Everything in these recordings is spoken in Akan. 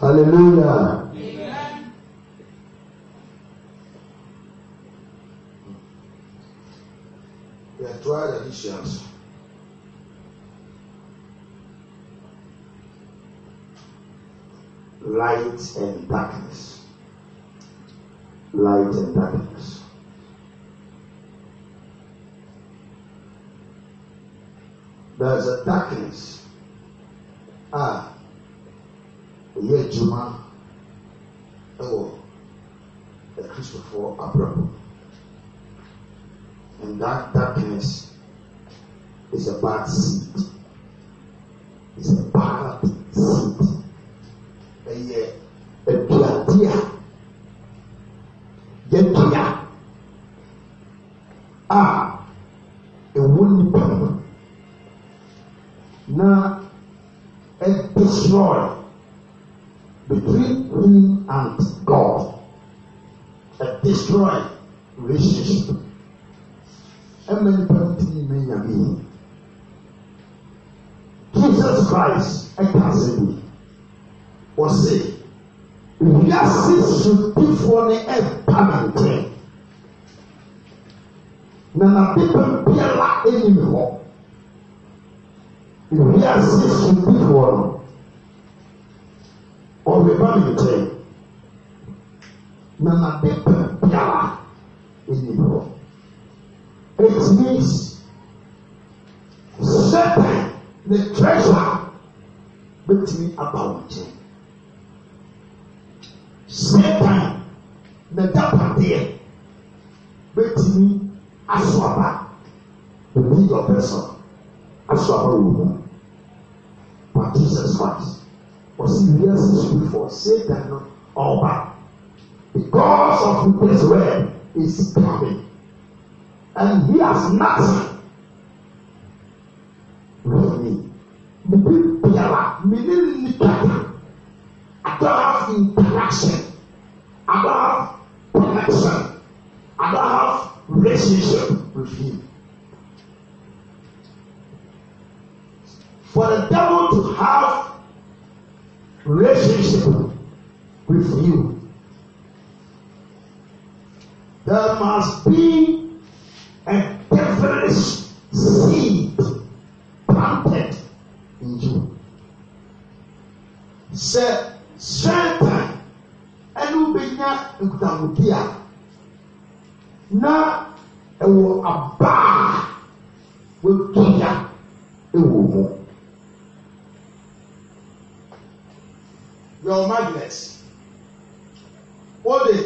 Hallelujah. Amen. There are 12 editions. Light and darkness. Light and darkness. There's a darkness. Ah, ɛyɛ adwuma ɛwɔ akristofoɔ abrabɔ and that darkness is a bad seed is a bad seed ɛyɛ aduade a yɛdua a ɛwɔ nipa no na ɛdestroy between him and God. A destroyed relationship. Ẹ̀mẹ̀ nípa ti ní ẹ̀yàmí. Jesus Christ ẹ̀ka àṣẹ́bù. Ọ̀sẹ̀ wíyásí sùpìfọ́ ní ẹ̀ pàmìtẹ́. Nana pípẹ́ bíẹ́lá ẹ̀yìn mi wọ̀. Wíyásí sùpìfọ́ náà ɔbɛba ne nkyɛn na ade biara ɛni hɔ it means satan ne treasure bɛtumi aba wɔn nkyɛn satan ne dapadeɛ bɛtumi aso aba obi yɛ ɔbɛ so aso aba wɔ mu wɔsi wiase sufo satan no ɔba because of his word is coming and he has nothing really bibi biara mene nipa about interaction about connection about relationship with him. For the devil to have relationship with you. There must be a different seed planted in you. Sɛ sɛntan ɛnu bɛ nya nkutamuti a na ɛwɔ abaa wɔtuya ɛwɔ mu. your madness. Wọ́n de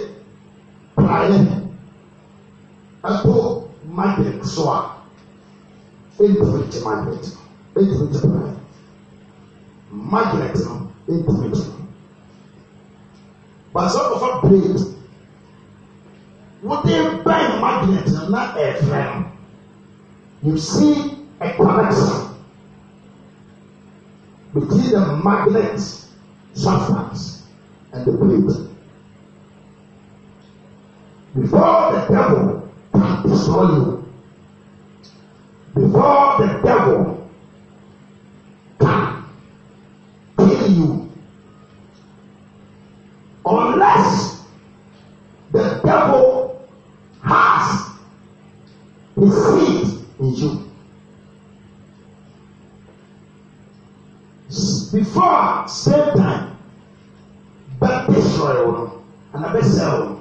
praayɛ ɛpo market so a ɛntumi ti market ɛntumi ti praayɛ market no ɛntumi ti no basa kɔfa plate wɔde bɛn market no na ɛfrɛ no you see a connection between the magnet. Sufferings and the plate. Before the devil can destroy you, before the devil can kill you, unless the devil has his seed in you. before satan bɛ destroy wɔn ana bɛ sɛ wɔn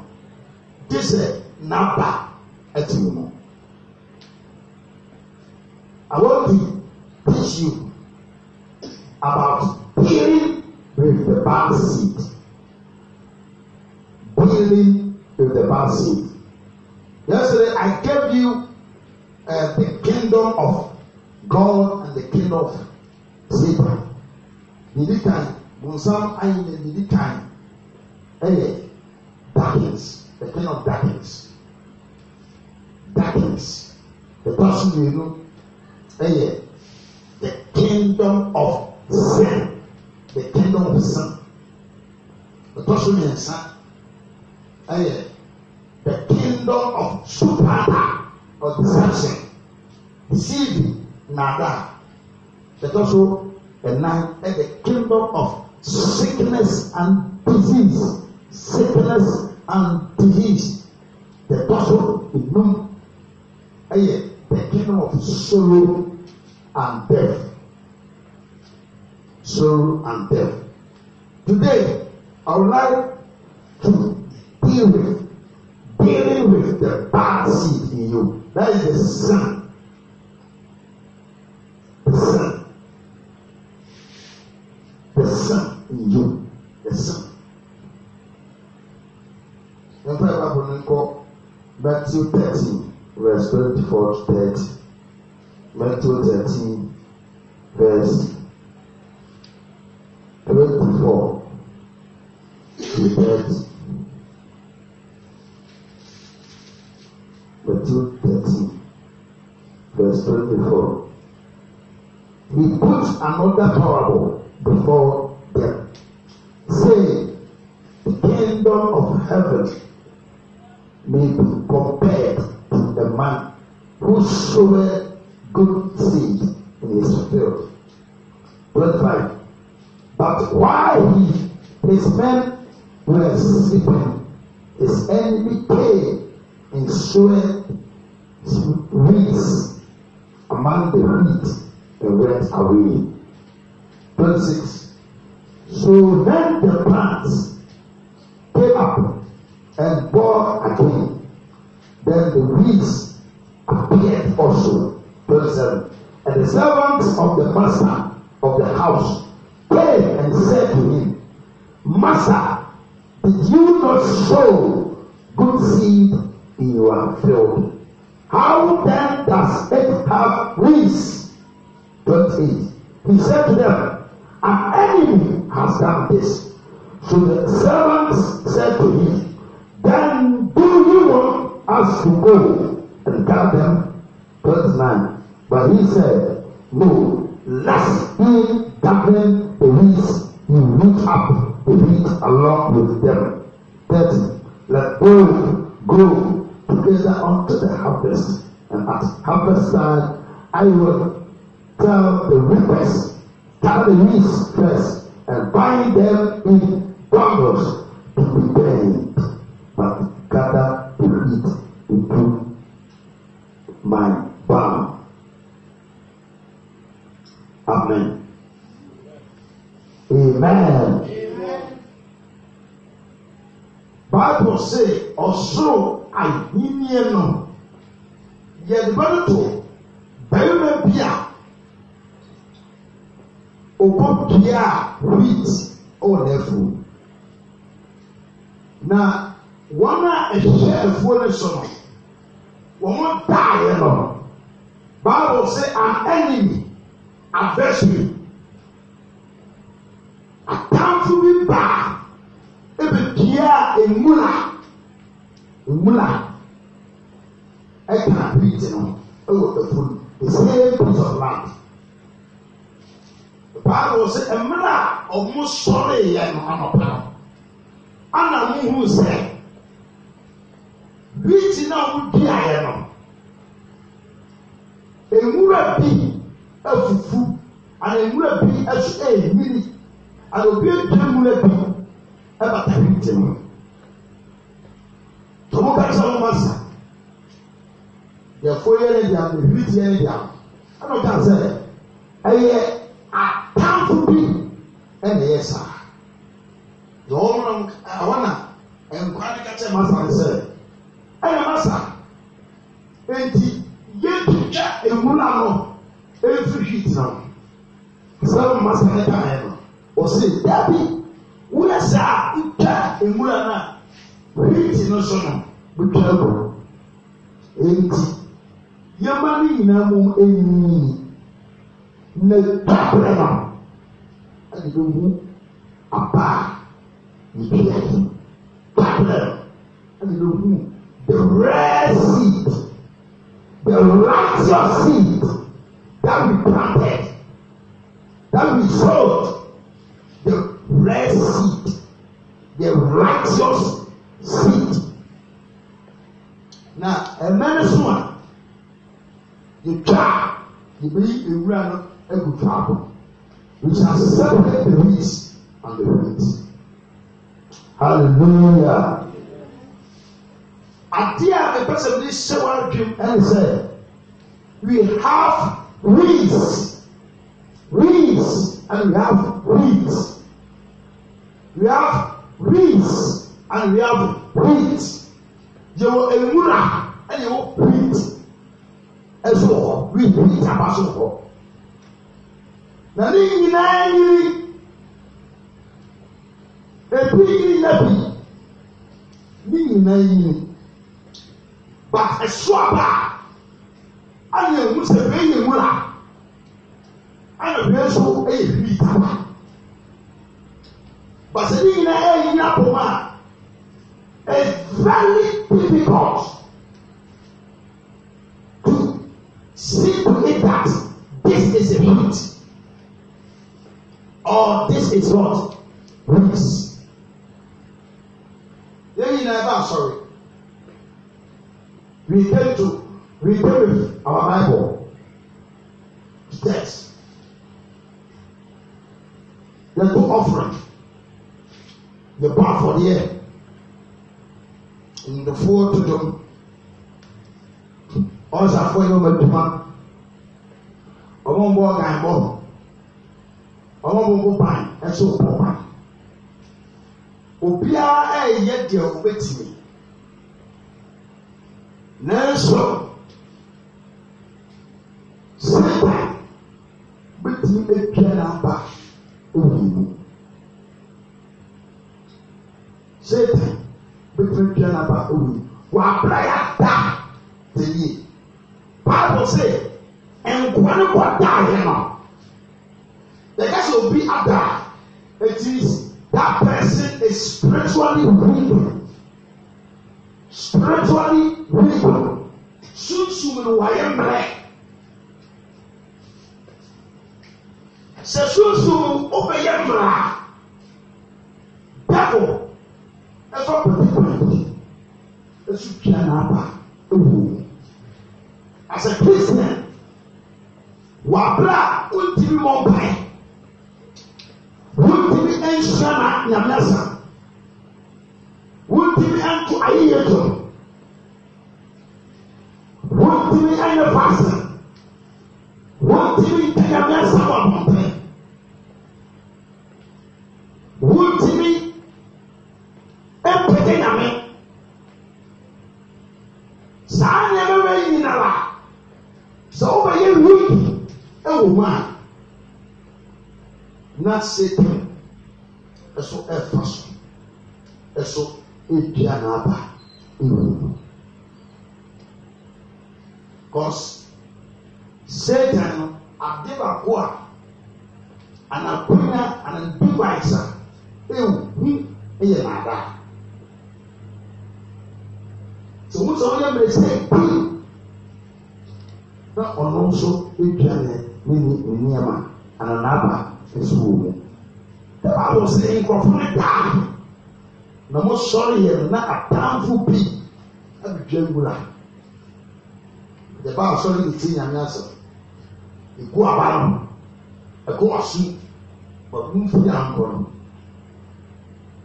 de sɛ n'aba ɛti wɔn i wan be teach you about dealing with the bad seed dealing with the bad seed yesterday i gave you uh, the kingdom of god and the kingdom of satan didi kan bonsam ayi na didi kan ɛyɛ darkness the kind of darkness darkness The person so know, ɛyɛ eh, the kingdom of sin the kingdom of sin The person so mmiɛnsa ɛyɛ the kingdom of supata or deception deceiving na ada ɛkɔ so the night and the kingdom of sickness and disease. Sickness and disease. The gospel is known. Hey, the kingdom of sorrow and death. Sorrow and death. Today, I would like to deal with dealing with the bad seed in you. That is the sin. The sin. Matthew 13, verse 24 to 30. Matthew 13, verse 24 to 30. Matthew 13, verse 24. He put another parable before them, saying, The kingdom of heaven may be compared to the man who sowed good seed in his field. Verse 5. But while he, his men were sleeping, his enemy came and sowed weeds among the wheat and went away. Verse 6. So then the plants came up and bore again. Then the weeds appeared also. Verse 7. And the servants of the master of the house came and said to him, Master, did you not sow good seed in your field? How then does it have weeds? Verse 8. He said to them, An enemy has done this. So the servants said to him, Then do you want us to go and tell them? Verse 9. But he said, No, lest he darken the reeds, he reach up the reeds along with them. 30. Let both grow together unto the harvest. And at harvest time, I will tell the reapers, tell the reeds first, and bind them in bundles to be burned but gather to eat into my barn. Amen. Amen. Amen. Bible say "Oso ahiniɛ no yɛde bɛ to bɛrima bi a wheat ɔwɔ n'afuo na wɔn a ɛhyehyɛ afuo no so no wɔn daeɛ no bible sɛ an enemy adversary atamfo bi baa ebedua emula emula ɛka bridge no ɛwɔ ɛfo no the same piece of land bible sɛ mmerɛ a wɔn sɔre yɛ no anɔpa ana muhu sɛ biikyi no a wodi ayɛ no nwura bi afufu ana nwura bi ɛso ɛyɛ mmiri ana obi ebien nwura bi ɛbata ne ntɛm tɔmɔ kasa wɔn asa yɛfo yɛ ne deɛ ehuri deɛ ne deɛ ɛna ɔka sɛ ɛyɛ atamfo bi ɛna ɛyɛ saa deɛ ɔwɔ na ɛwɔ na nkwa ne kakyɛ masa ne sɛ ɛyɛ masa eti yɛntutwa ewura no efiri hit na sɛbɛn masa yɛ ka yɛ no ɔsi dabi wura saa ntwa ewura na hit no so no bɛtwa ɛbɔ eti yɛma ne nyinaa mu enyi na takorɛ no ɛna ehu abaa ne dua yi takorɛ no ɛna ehu the rare seed, the righteous seed that we planted, that we sowed, the rare seed, the righteous seed. Now, a man is one. The so the yɛtwa the ewura a good faako. which has separated the wheat and the wheat. Hallelujah adeɛ a mepɛ sɛ mede hyɛ w'adwem ɛne sɛ we have wings wings and we have wings we have wings and we have wings yɛwɔ ewura ɛna yɛwɔ wheat ɛso wɔ hɔ wheat wheat aba so wɔ hɔ na ne nyinaa nyiri ebi nyiri na bi ne nyinaa nyiri but ɛso e aba ayɛ ehu sɛ bɛyɛ yɛ nwura ayɛ bɛyɛ nso ɛyɛ e firi taba basa ne nyinaa ɛyɛ nyina pɔm a very difficult to see to it that this is a hit or this is what risk yɛn nyinaa ɛbɛ asɔre we take to we take with our bible steps the two offering the bar for the air the four to ndofoɔ dodom ɔsafoɔ yɛ ɔmaduma ɔmɔmbɔ ɔgan bɔ ɔmɔmbɔ ban ɛso ɔbɔ ban obiara ɛyɛ deɛ ɔbɛtumi nanso sata bɛtumi atwa n'aba owu mu sata bɛtumi atwa n'aba owu mu w'abra yɛ ata te yie paapɔ sɛ nkoa no kɔ daa yɛ no yɛka sɛ obi ada it is that person is spiritually wounded spiritually wisdom sunsun no wayɛ mmerɛ sɛ sunsun wobɛyɛ mmerɛ devil ɛfa pɛtɛpɛtɛ ɛso tua n'aba ewu as a christian wabra ontimi mɔ mpae ontimi nhyia na nyamia saa wɔntumi nto ayɛyɛ dwom wɔntumi nyɛ faasa wɔntumi nka nyame asɛm wɔ abɔnten wɔntumi mpɛgye nyame saa nneɛma wei nyinara sɛ wobɛyɛ wiki ɛwɔ mu a na setan ɛso ɛfa so ɛso edua na aba ewuwu cause satan no ade baako a anapona anadivise a ewu yɛ n'aba sɛ wɔn sɛ wɔyɛ mɛsɛ pii na ɔno nso edua ne ne ne nneɛma ananaba nso wɔ mu ɛbaa wɔ sɛ nkorɔfo ne daa na mo sɔre yɛ na atamfo bi abidwa nwura yɛba asɔre ne ti nyame asɛm egu aba no ɛkɔ ɔso wɔkumfu yɛ ankɔ no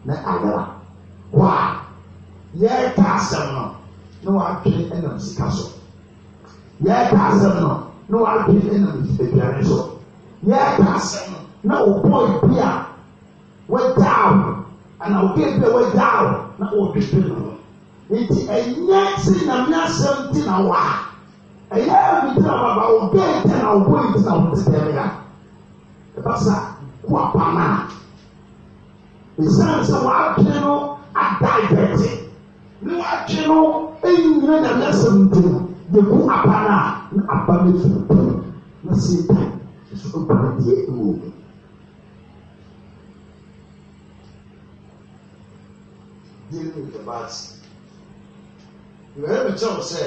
na ayɛra wa yɛreka asɛm no na wɔatwe ɛnam sika so yɛreka asɛm no na wɔatwe ɛnam aduane so yɛreka asɛm no na wɔbɔ ebi a wɔdaa ho ana obi bi a wɔyɛ awo na wɔdwedwe no nti ɛnyɛ ti nyame asɛm ti na wa ɛyɛ ɛbi ti na wa ba obi a ti na ɔbɔ yi ti na ɔbɔ ti tɛm ya ɛba sa ko apama esan sɛ wɔatwe no ada adɛte ne wɔatwe no enyina nyame asɛm ti na de ko apama na aba ne fi na se ta ɛso ɔbɔ adeɛ ɛwɔ mu. nínú ìjọba àti ìwéèrè kyerɛ sɛ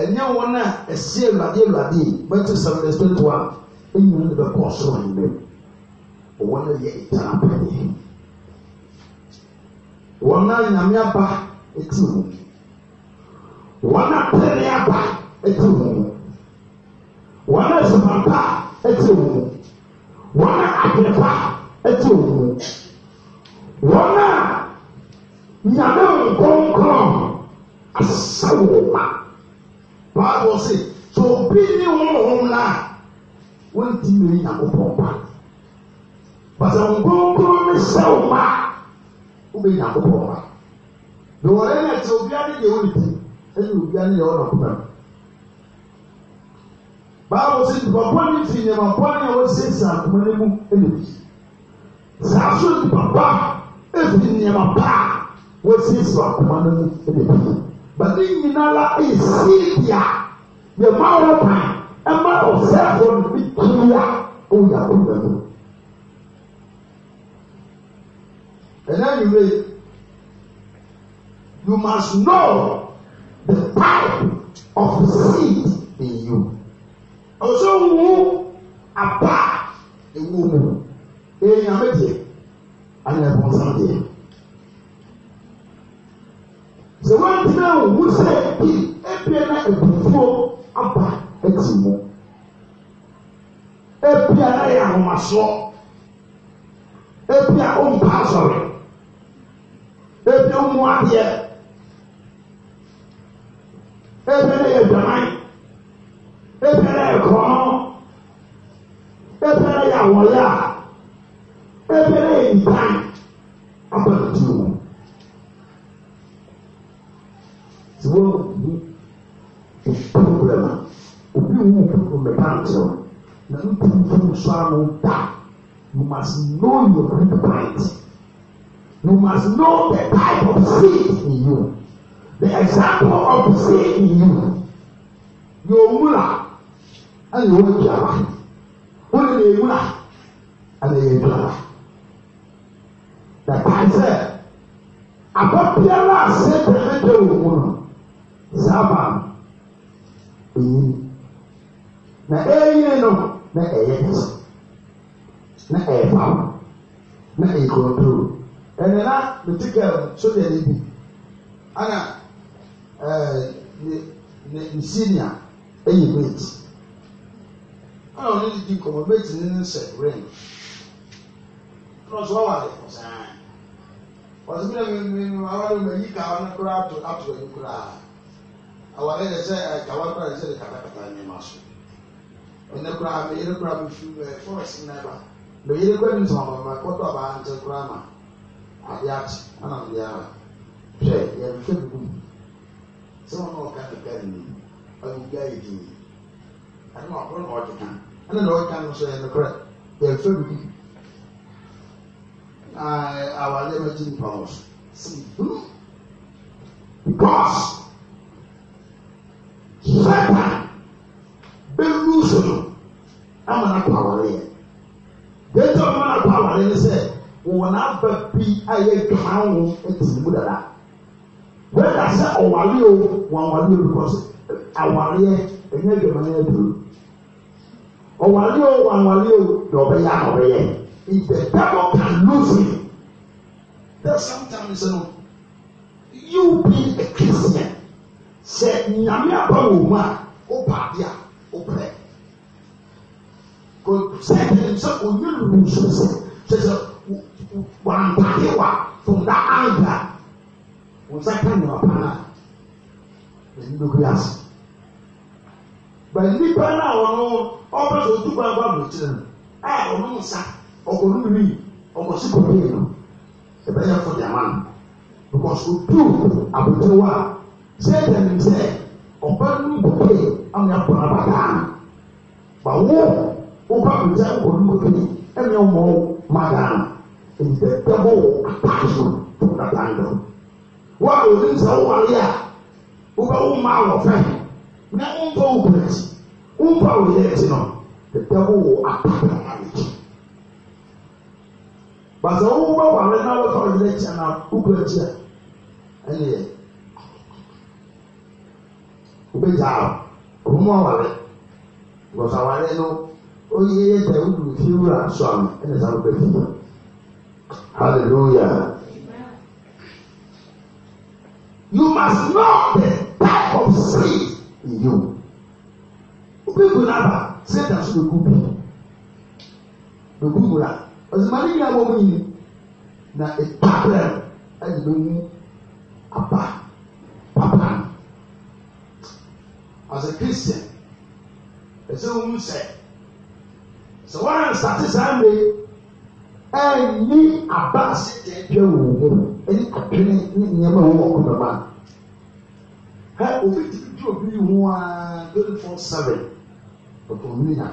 ɛnyɛ wɔn a ɛsi awurade awurade yi bɛtɛ sɛmɛnɛ sɛnto a eyi wɔn bɛ kɔ soro ɛnbɛ wɔn a yɛ ntana pɛɛ wɔn a nyame aba eti wɔn wɔn a pɛɛ aba eti wɔn wɔn a sèpapa eti wɔn wɔn a agbɛpa eti wɔn wɔn a nyame nkɔnkɔn asesa wɔn ma baabɔ se sɛ obi ni wɔn wɔn la wɔn ti nyɛ nyakopɔn ba pasa nkɔnkɔn ne sɛw ma wɔn nyakopɔn ba na wɔn yɛn ɛkyɛ obiara ne deɛ wɔn ti ɛna obiara ne deɛ wɔn akoma no baabɔ se nipapɔ ne ti nyɛmapɔ ne a wɔsiesie akoma ne mu ɛna bi saa so nipapa ɛfiri nneɛma paa wɔasiesie akoma no mu ɛna bi but ne nyinaa ɛsi bia yɛ ma wɔ pan ɛma ɔsɛɛfo no bi tiri a ɔyɛ akoma mu ɛna anyway you must know the type of seed in you ɔsɛ wo apa ewu mu ɛyɛ nyame deɛ ana ɛbɔ nsa deɛ sɛ wɔntena wo sɛ bi ebie na abufuo aba ati mu ebia na yɛ ahomasoɔ ebia ɔmpa asɔre ebia ɔmo adeɛ ebia na yɛ dwanan ebia na yɛ korɔno ebia na yɛ awɔyɛ a ebe na enta aba na ti o ti wo bi problem a obi wo problem bɛ ban na n tun tun so ano you must know your weak point you must know the type of faith in you the example of faith in you yɛ omura ɛna yɛ omi biara wɔn na yɛ omura ɛna yɛ biara ɛkaa sɛ aba biara a satan ɛda wɔ mu no saa ba no ɛyi na ɛyɛ no na ɛyɛ nso na ɛyɛ fam na ɛyɛ kɔntoro ɛnna na ne ti ka soja ne bi ana ɛɛ ne ne ne senior ɛyɛ wait ɛna ɔno ne di nkɔmɔ wait ne ne rain ɛna ɔsɔ ɔwɔ ale ɔsan wɔsɛmina mmemme awa no ma yi ka awa no koraa ato ato ɛyi koraa awa no yɛ sɛ ɛkawa koraa yɛ sɛ de katakata nneɛma so ɛnɛ koraa mɛ yɛrɛ koraa mɛ fi ɛɛ fɔrɛs nnɛba mɛ yɛrɛ koraa mi ntoma mama kɔtɔ abaa nkyɛn koraa ma ade ate ɛna mo de ara hwɛ yɛrehwɛ dugu mu sɛ wɔn a wɔka keka ni ɔyɛ gya uh, our limiting powers. See, God, Satan, Belusono, I'm not power here. They talk about power, they say, wọn aba bi a yɛ dwama ho ti ne mu dada wɛda sɛ ɔware o wɔn aware o because awareɛ ɛnyɛ dwama no yɛ duro ɔware o wɔn aware o deɛ ɔbɛyɛ a ɔbɛyɛ if the devil can lose you, then sometimes you, know, you be a Christian. Say, Nyame abawo mu a, o paade a, o pɛ. Ko sɛ sɛ o nye lusu sɛ sɛ wa from that anger, o nsa ka nyɛ ɔpaa, o ni dogo ase. Bɛ nipa naa wɔn no, ɔbɛ sɛ o tu ba ba bɔ kyerɛ no, ọkọ lumi ọmọ sikọ bẹẹ no ẹbẹ yẹ fọ jama no because otu abotewa sẹ ẹdẹni sẹ ọba nu bọbẹ ọmọ ẹkọ abada ba wo ọkọ abotẹ ọkọ lumi bọbẹ ẹni ọmọ mada ẹnjẹ dẹbọ apaaso tó dada ndọ wa òní nsẹ wọlé a wọbẹ wọn mma wọfẹ na wọn bọ wọn kọ ẹkyi wọn bọ wọn yẹ ẹkyi nọ dẹbọ apaaso bàtà wọn bá wà wọn náà wọn fà wọn n'akyi àná wọn akyi a ẹni yẹ wọn bẹ gyaa wọn mu bàtà awari no oyi yẹ dẹ wúlò fi wúlò asọ àmì ẹni sábà bẹ fi hallelujah you must know the type of seed in you wọn bẹ gbóná bá sẹ dàsó egu bi egu gbóná ɔsùnmọ́ni yìí àwọn ọmọ yìí na ìta bẹ́ẹ̀ ẹ̀yìn bẹ́ẹ̀ mú apá pàpà ọ̀sẹ̀ kristian ẹ̀sẹ̀ wọn sẹ̀ sọ wọn à ń sàtì sáà mi ẹ̀ ní àbá àṣẹ tẹ̀ ẹ̀dẹ̀ wò wò ẹni àpẹẹrẹ ní ìyẹ́mọ̀ wọn ọkọ̀ bàbá ẹ̀ òfin tìbí tí òbí yìí wọn á twenty four seven ọ̀pọ̀ mi nà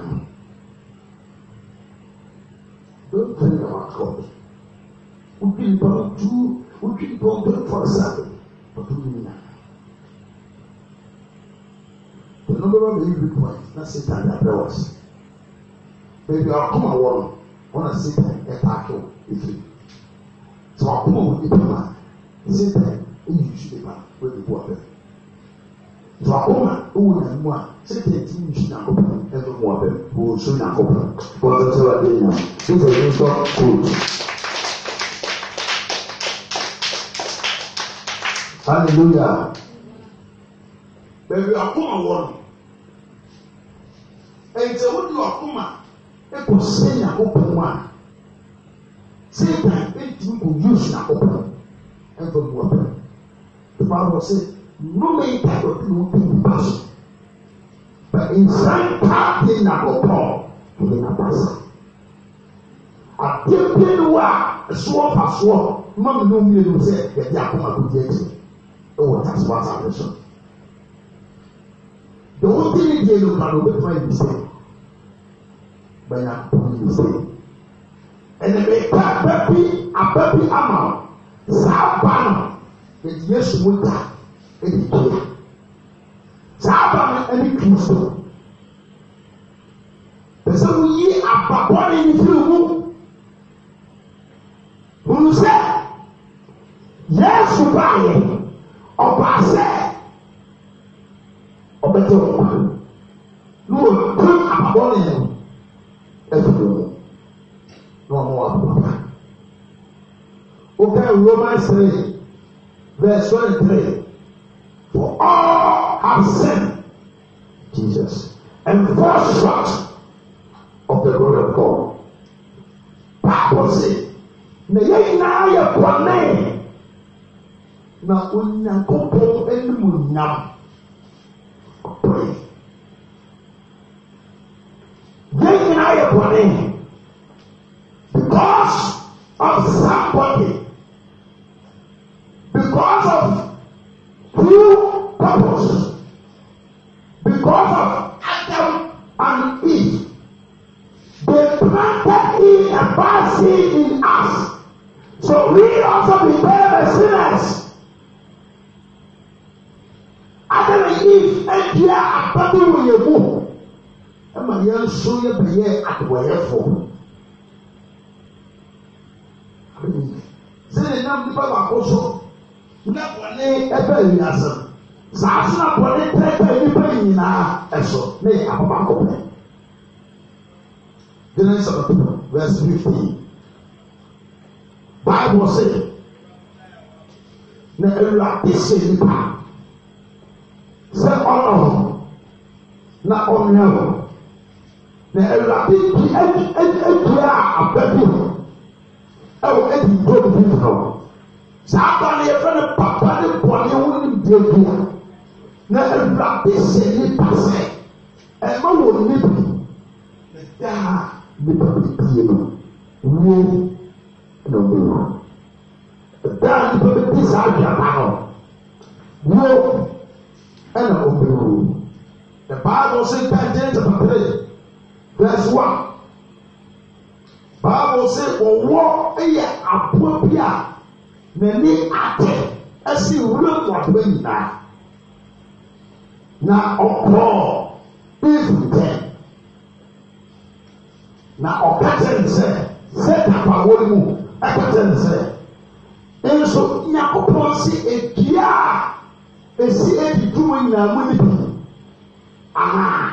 mpɛn na wakɔ obi ba tu obi ba mpɛn fɔsa ɔtɔ mi nyina pɛnɛ bɛba bɛ yi bi bɔ yi na se taa dabɛ wɔ si beebi akoma wɔ no wɔna se taa ɛta ato efi sɛ wakoma wɔ nipa ma se taa eyi su nipa wɔ ebi bɔ ɔbɛ sɛ wakoma ewu na mu a. Hallelujah. Baby, nsu nyankopɔn ɛno mu abɛm wɔnsu nyankopɔn wɔbɛsɛ wade nyam sɛdeɛ ɛno nso koot hallelujah baabi akoma wɔ no ɛnti wode akoma ɛkɔ sɛ nyankopɔn a satan ɛntumi kɔ use nyankopɔn ɛmfa mu abɛm the bible say no man type of people will The nhyɛnta de na bɔbɔ to n'abasa apiapia no a soɔ fa soɔ mma mi no mmienu sɛ yɛde akoma ko di akyi ɛwɔ tasoɔ asase so deɛ wɔde ne deɛ no kura no obɛtuma yi sɛ bɛyɛ akoma yi sɛ ɛnna ɛka aba bi aba bi ama saa ba no yɛde yɛ sumota ɛde kura saa aba no ɛne kristo pɛ sɛ woyi ababɔne ne firi mu hunu sɛ yesu baayɛ ɔbaa sɛ ɔbɛgye wo kwa na wɔpam ababɔne no afiri mu na ɔmo wɔ ababa wokae romans 3 verse 1 3 for all Have sent Jesus, and fall short of the glory of God. Bible say, na yẹn nyinaa yẹ bọnẹ na onyankopɔn anim nam ɔpɔre yẹn nyinaa yẹ name because of somebody. pɛpɛ yi ase saa ase na bɔne pɛpɛ nipa nyinaa ɛso ne yɛ apapa kɔpɛ dene nsɛmɛ pɛpɛ verse fifteen bible se na awurade se nipa sɛ ɔnɔ hɔ na ɔnyɛ hɔ na awurade di adu adu adu a abɛ bi hɔ ɛwɔ adi nkurom bi hɔ saa ba no yɛfrɛ no papa ne bɔne wo ne biodua na awurade hyɛ nnipa sɛ ɛma wɔ nnipa daa nnipa bɛbie no wo na ɔbɛwu daa nnipa bɛbi saa aduaba no wo ɛna ɔbɛwu the bible say pɛntin to papere verse one bible say wɔwɔ yɛ aboa bi a n'ani ate ɛsi wura kɔtɔ nyinaa na ɔkɔɔ even then na ɔka kyerɛ nsɛ sɛ tapa wɔn mu ɛka kyerɛ nsɛ nso nyakopɔn si edua a esi edi duma nyinaa mu nipa anaa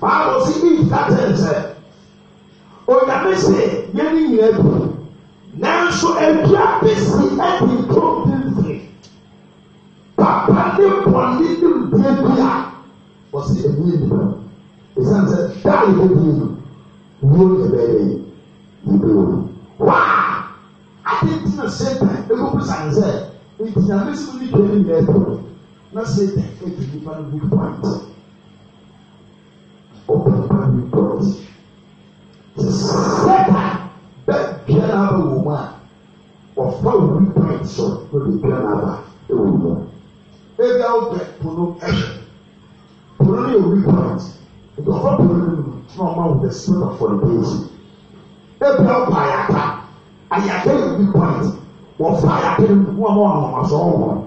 baabu si eyi ka kyerɛ nsɛ onyame si yɛn nyinaa bi nanso adua bi si ɛdi kurom bimfiri papa ne bɔnne ne mbie bi a wɔsi ɛbi yi mu esan sɛ daa yi bi yi wuo ne bɛyɛ yi yi bi wɔ waa adi ti na se pɛ ebo bisa n sɛ eti na bi so ne twɛ ne yɛ ɛpɔ na se pɛ eti nipa ne bi point ɔbɛn pa ne point sisan bia na aba wɔ mu a wɔfa owu pan so na ɔde bia na aba ɛwɔ mu ebi awo bɛ pono ɛhwɛ pono no yɛ owu pan nkurɔfo pono no mu tuma ɔmo awo the spirit of fornication ebi awo pa ayata ayata yɛ owu pan wɔfa ayata no mu ɔmo awo ahomaso ɔmo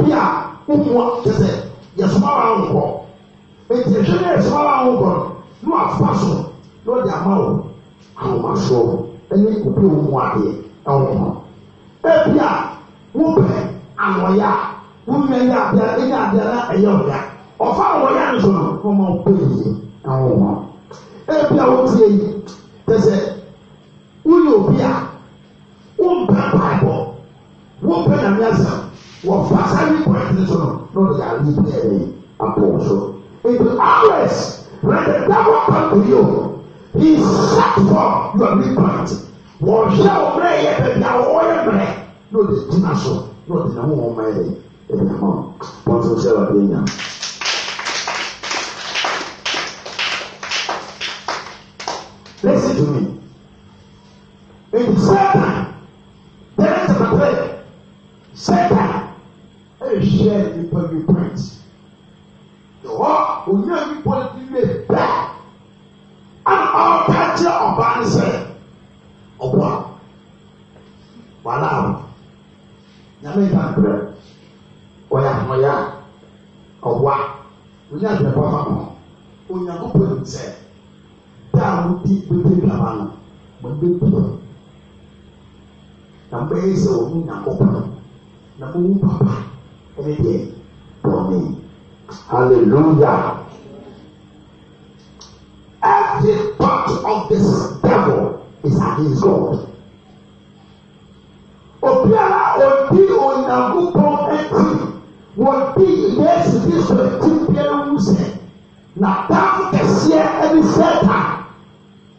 ebi a ɔmo a te sɛ yɛsoma wa ankɔ eti ehwɛ ne yɛsoma wa ankɔ no na wafa so na ɔde ama wɔ ahomaso ɔmo ɛyɛ kopi wo mu adeɛ ɛwɔ ho ebi a wopɛ anɔya wonyɛ yɛ adeɛ ɛyɛ adeɛ na ɛyɛ ɔya ɔfa anɔya nso no ɔma ɔpɛ yie ɛwɔ ho ebi a wotie yi tɛsɛ wonyɛ obi a wompɛ baibɔ wompɛ nyame asɛm wɔfa sáré pɔnkye ne so no na ɔde adeɛ bi ɛyɛ abɔ so it will always when the devil come to you he set for your midpoint wɔhwɛ ɔbrɛ yɛ baabi a wɔyɛ brɛ na ɔde gyina so na ɔde na wɔn ma yɛ ɛnya hɔ wɔnso sɛ wɔde nya. Listen to me. In Satan, there is a prayer. Satan, a share the public print. The war, we are people nyame nsa mbrɛ ɔyɛ ahoɔyɛ a ɔboa onye adrɛbɔ fa ho onyankopɔn sɛ da a wodi bɛdi nkrama no mabɛbu na mbɛyɛ sɛ ɔmu nyankopɔn na mowu papa ɛne deɛ bɔne hallelujah every part of this devil is against God. ɛne sɛta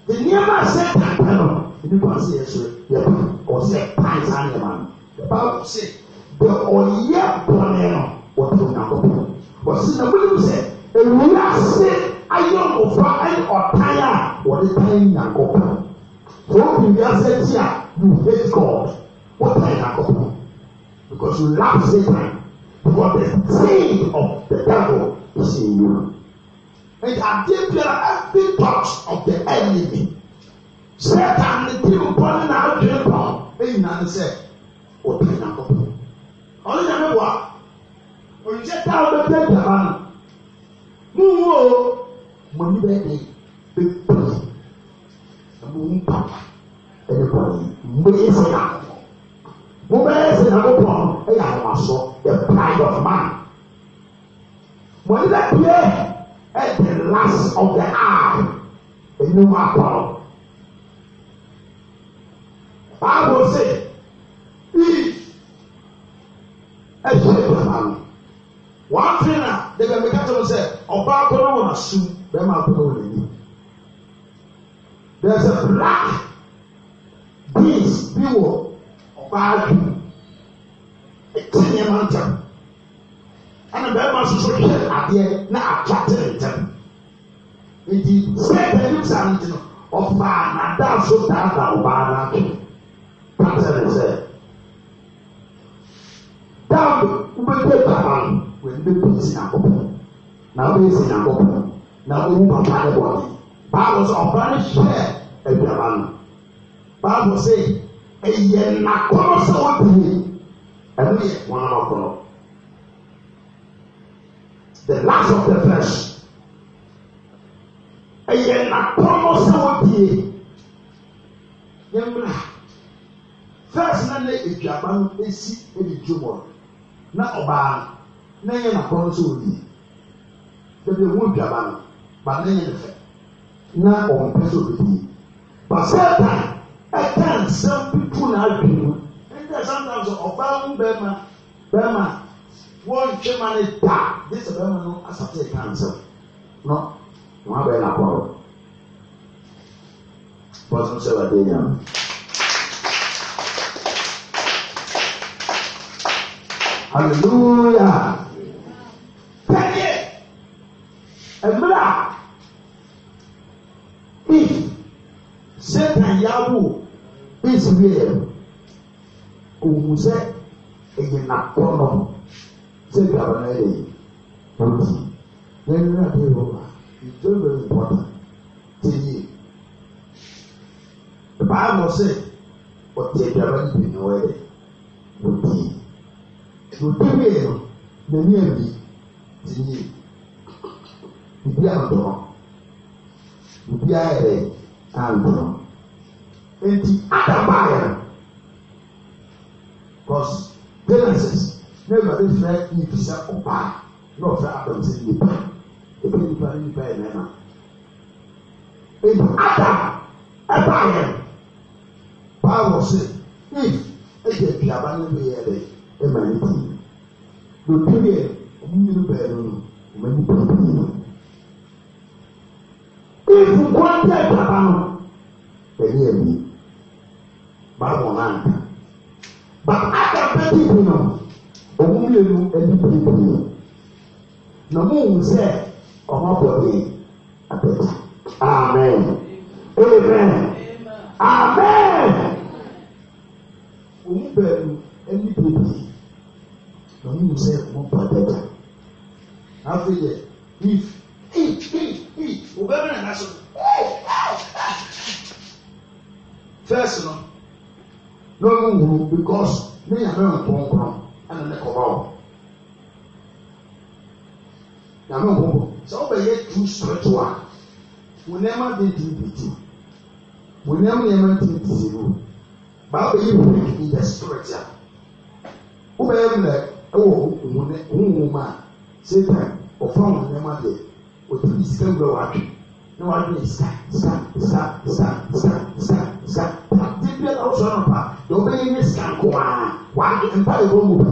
de nneɛma a sɛta ka no nnipa sɛ yɛ sɛ yɛba ɔsɛ pan saa nneɛma no bible sɛ de ɔyɛ bɔne no wɔte onyankopɔn wɔsi na wɔnim sɛ ewia ase ayɛ nkɔfra ɛne ɔtan a wɔde tan nyankopɔn wɔn bi wia sɛ ti a you hate God wɔtan nyankopɔn because you love Satan because the seed of the devil is in you. May adeɛ biara every part of the enemy. Satan ne tirim bɔne na adwene bɔn. Eyi na ne sɛ ɔtɛ na kɔpɔ. Ɔno nyame bɔ a onyɛ ta a ɔbɛtɛ dama no. Muhu o mo ani bɛ de bɛ pere na mo hu papa ɛde bɔ yi mo yɛ sɛ na kɔpɔ. Mo bɛ yɛ sɛ na kɔpɔ ɛyɛ ahomaso the pride of man. Mo ani bɛ pie at the last of the hour ɛnu mu akɔrɔ baabu sɛ ii ɛsɛ ɛbrɛma no wɔafe na dabi ɛmɛ kata no sɛ ɔbaa kɔ no wɔ n'asu bɛrima kɔ no wɔ n'ani there's a black beans bi wɔ ɔbaa bi ɛte nneɛma ntam ɛna bɛrima soso hwɛ adeɛ na atwa tɛntɛn nti sɛɛtɛ ne sa no gyina ɔfaa n'adaaso daadaa ɔbaa n'ato patɛn sɛ daabi wobɛdɛ baba no wɔnbɛ bi si n'akɔpɔ na wɔbɛ si n'akɔpɔ na wɔn papa ne bɔ ɔdi baabu sɛ ɔbaa no hwɛ aduaba no baabu sɛ ɛyɛ n'akɔnɔ sɛ wɔpɛ yi ɛmu yɛ wɔn anakɔnɔ the last of the verse. flesh ɛyɛ nakɔnɔ sɛ wɔbie yɛmmra first na ne aduaba no ɛsi ɛne dwom no na ɔbaa no na ɛyɛ nakɔnɔ sɛ wɔbie bɛbi ɛho aduaba no ba na ɛyɛ ne fɛ na ɔmpɛ sɛ wɔbie ba sɛɛtan ɛtan nsɛm bi tu na adwene mu ɛnɛ sometimes ɔbaa ho bɛrima bɛrima wɔntwe ma ne da de sɛ bɛrima no asate ɛka nsɛm no wɔn abɛn na kɔrɔ bɔsɔn sɛ wɔde nyam. hallelujah pɛdeɛ mmerɛ a if satan yawo is real ohun sɛ ɛyɛ nakɔnɔ. Take that away. Empty. Then you are here over. It's very, very important. Take it. The Bible says, but take that away in the way. Empty. Empty way. Many of you. be it. Bibi adorɔ, bibi ayɛ adorɔ, eti adaba ayɛ, Genesis na awurade frɛ yipi sɛ ɔbaa na ɔfrɛ adam sɛ yipa ebi nipa ne nipa yɛ mɛma ebi adam ɛba yɛ paawɔ se if ɛdi aduaba ne bi yɛ dɛ ɛma ne ti na obi yɛ ɔmo nyere bɛrɛ no ɔmo ani bɛrɛ bi yɛ if nkwan tɛ aduaba no ɛni ɛbi baawɔ nanka ba adam bɛ ti bi no ɔmo mmienu ɛni pɛnipɛni na ɔmo ehu sɛ ɔmo abɔde abɛti amen amen amen ɔmo baanu ɛni pɛnipɛni na ɔmo ehu sɛ ɔmo abɔ abɛti afei yɛ if if if if ɔbɛrɛ nana so fɛs no na ɔmo wuru because ne yàrá na pɔnkɔn ɛna ne kɔba wɔ nyame ho wɔ sɛ wobɛyɛ tu soroto a wo nneɛma bɛntimi biti wo nneɛma nneɛma ntimi ti sɛ no baa wobɛyɛ weak in the spirit a wobɛyɛ mmerɛ ɛwɔ honhom a satan ɔfa wo nneɛma deɛ ɔtumi sika wura wɔatwe na wɔadwe sika sika sika sika sika sika sika tade biara wosɔre no pa deɛ wobɛyɛ ne sika nkoaa wàá mpa ìwé mu bi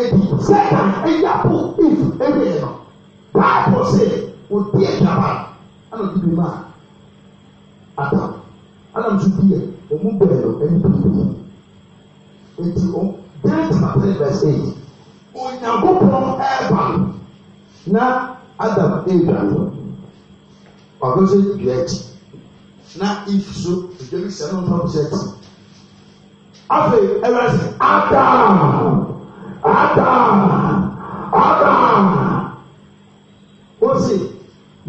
ebi sẹtan ẹyà po if ẹwẹ yẹn no paapọ sẹ odi ẹdaba ẹna ọdún bímọ a adam ẹna nso bi yẹ ọmú bẹrẹ no ẹni bí bi eti ọm bẹrẹ tẹmẹtẹ verse eight onyankopɔ ɛɛba na adam ɛɛdwa no ɔno nso dua na if so ìjọba ìsẹ̀ náà náà ṣe ti. afei ẹwẹ́ sẹ́ adam adam adam ó sì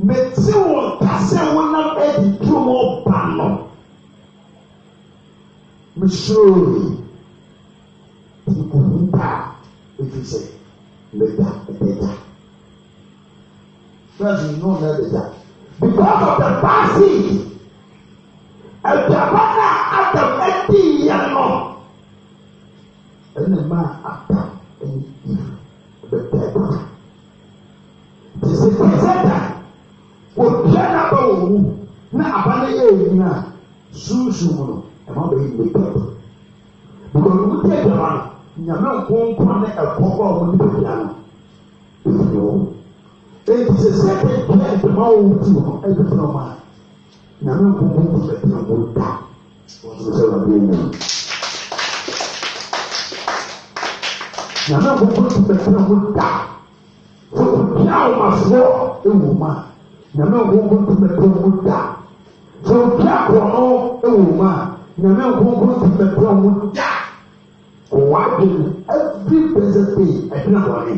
mẹtí wọn kásẹ̀ wọn náà ẹ̀ di dúró wọn bá lọ. mesoro ti kò ní ta ètò ìsẹ̀ lẹ́dà ẹ̀dẹ̀dà. Friends, you know that because of the passage aduaba no a adam adi yɛ no ɛna ma adam ɛyi bɛtɛ ɛda te sɛ kɛsɛ da wɔtua n'aba wɔ mu na aba no yɛ ɛyin a sunsun no ɛma bɛyi bɛtɛ ɛda because wɔn tɛ ɛdaba no nyame nkonkron ne ɛkɔ a wɔn nipa bia no ɛfiri wɔn eti sɛ sɛ ɛdaba wɔ mu ti wɔn ɛdi fira wɔn a se nyame nkomo nkɔsɛtena mo da wɔsoro sɛ wade anyam nyame nkomo nkɔsɛtena mo da wɔkɔbia wo masoɔ ɛwɔ mu a nyame nkomo nkɔsɛtena mo da wɔkɔbia korɔno ɛwɔ mu a nyame nkomo nkɔsɛtena mo da wɔadwene every present day ɛdena bɔne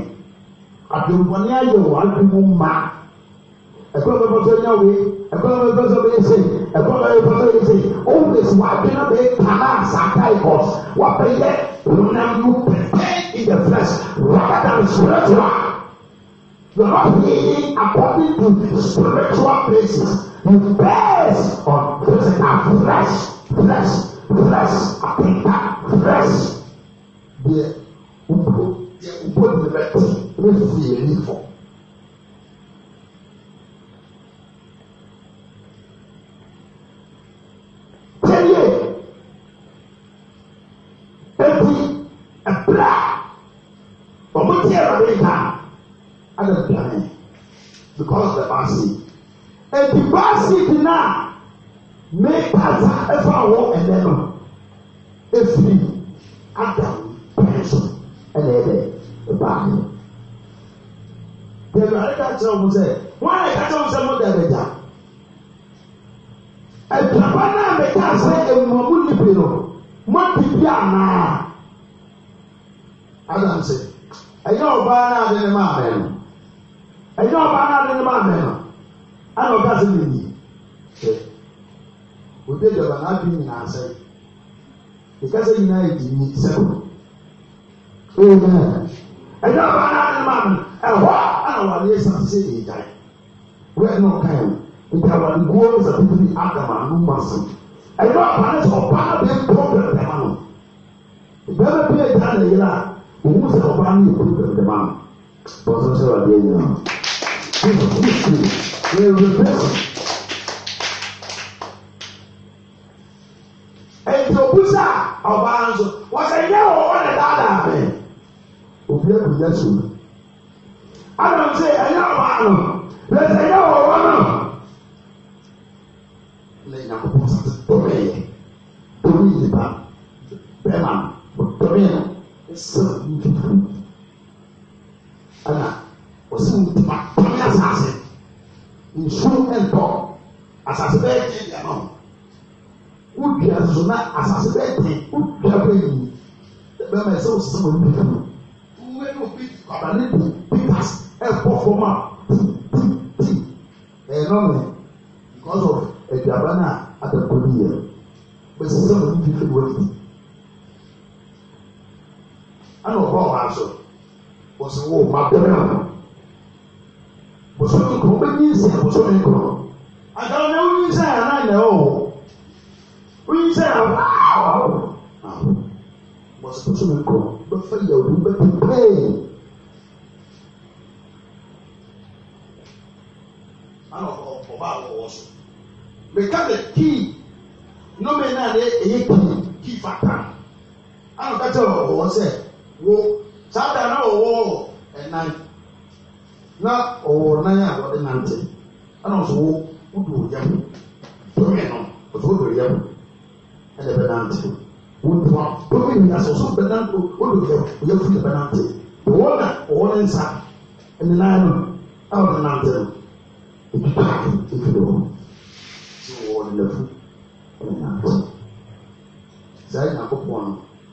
adwenbɔne ayɛ wɔadwe mu mmaa ɛkɔ bɛ bɔtɔ nya wei ɛkɔ bɛ bɔtɔ bɛ yɛsɛ ɛkɔ bɛ bɔtɔ yɛsɛ always wabena bɛ tana sataikɔs wabɛyɛ runam no pɛpɛ in the flesh rather than spiritual you are not healing according to spiritual basis. you base on physical flesh flesh flesh apinka flesh deɛ ubo deɛ ubo de bɛ ti bɛ fi yɛ ni na make part a ɛfa awɔ ɛnɛ no efiri adam pɛn so ɛna ɛbɛ ɛbaa no yɛlɛ ɛka kyerɛ wɔn sɛ wɔn a ɛka kyerɛ wɔn sɛ wɔn da ɛbɛgya ɛdaba no a mɛka sɛ ɛmuamu nipi no mo bibi anaa adam sɛ ɛnyɛ ɔbaa no adi ne ma amɛ no ɛnyɛ ɔbaa no adi ne ma amɛ no ɛna ɔka sɛ ne yi obi adwaba n'adu nyinaa sɛ ekasa nyinaa yɛ di nyi sɛ amen ɛdá baa n'adé ma no ɛhɔ a awari esan se ɛgya yi wɛn na ɔka yi nti awari guo ɛsɛ titiri adama anu ma se ɛdá baa n'asɛ ɔbaa bɛ mpɔ bɛrɛbɛrɛ ma no bɛrɛ bi ɛgya na yɛlɛ a òun sɛ ɔbaa no yɛ kuru bɛrɛbɛrɛ ma no bɔsɔn sɛ ɔbaa yɛ nyinaa jesus christ yɛ rebɛrɛ. ebie ko yɛ so anam sɛ ɛyɛ awaa no na sɛ ɛyɛ awɔwɔ no na nyankopɔn sase dɔmɛ yɛ dɔmɛ yɛ ba bɛrima no dɔmɛ no ɛsɛ ntutu ɛna ɔsɛ ntoma dɔmɛ asase nsuo ɛntɔ asase bɛyɛ gye nyama ho wodua so na asase bɛyɛ ten wodua bɛyɛ yi bɛrima ɛsɛ ɔsɛ ɔmo ntutu baba ne bi bitters ɛbɔ fam a ɛyɛ nɔnɔ because of aduaba no a adakɔ bi yɛ bɛsi sɛ mo bi fi wɔ bi ɛna ɔbɔ ɔbaa so wɔsi wɔ ɔbaa bɛrɛ ɔbaa bosome nkoro bɛ nyi nsɛn bosome nkoro agara na onyi nsɛn yɛ anan na ɛwɔ wɔ onyi nsɛn yɛ awaawo bosome nkoro bɛfa yɛ olu bɛ pepee. ɔbaa wɔwɔ so meka the key nnome naa de ɛyɛ key key fata ano kata wɔwɔ sɛ wo saa da na wɔwɔ ɛnan na ɔwɔ nan a wɔde nante ɛna ɔso wo wodo ɔya mu nnome no ɔso wodo ɔya mu ɛna ɛbɛ nante wodo a nnome nyinaa sɛ ɔso bɛ nante wodo ɔya mu ɔya fu ɛbɛ nante wɔn na ɔwɔ ne nsa ɛne nan no a wɔde nante no kidogo wɔlɛfu ɛna kɔ saa ɛna kɔ pɔn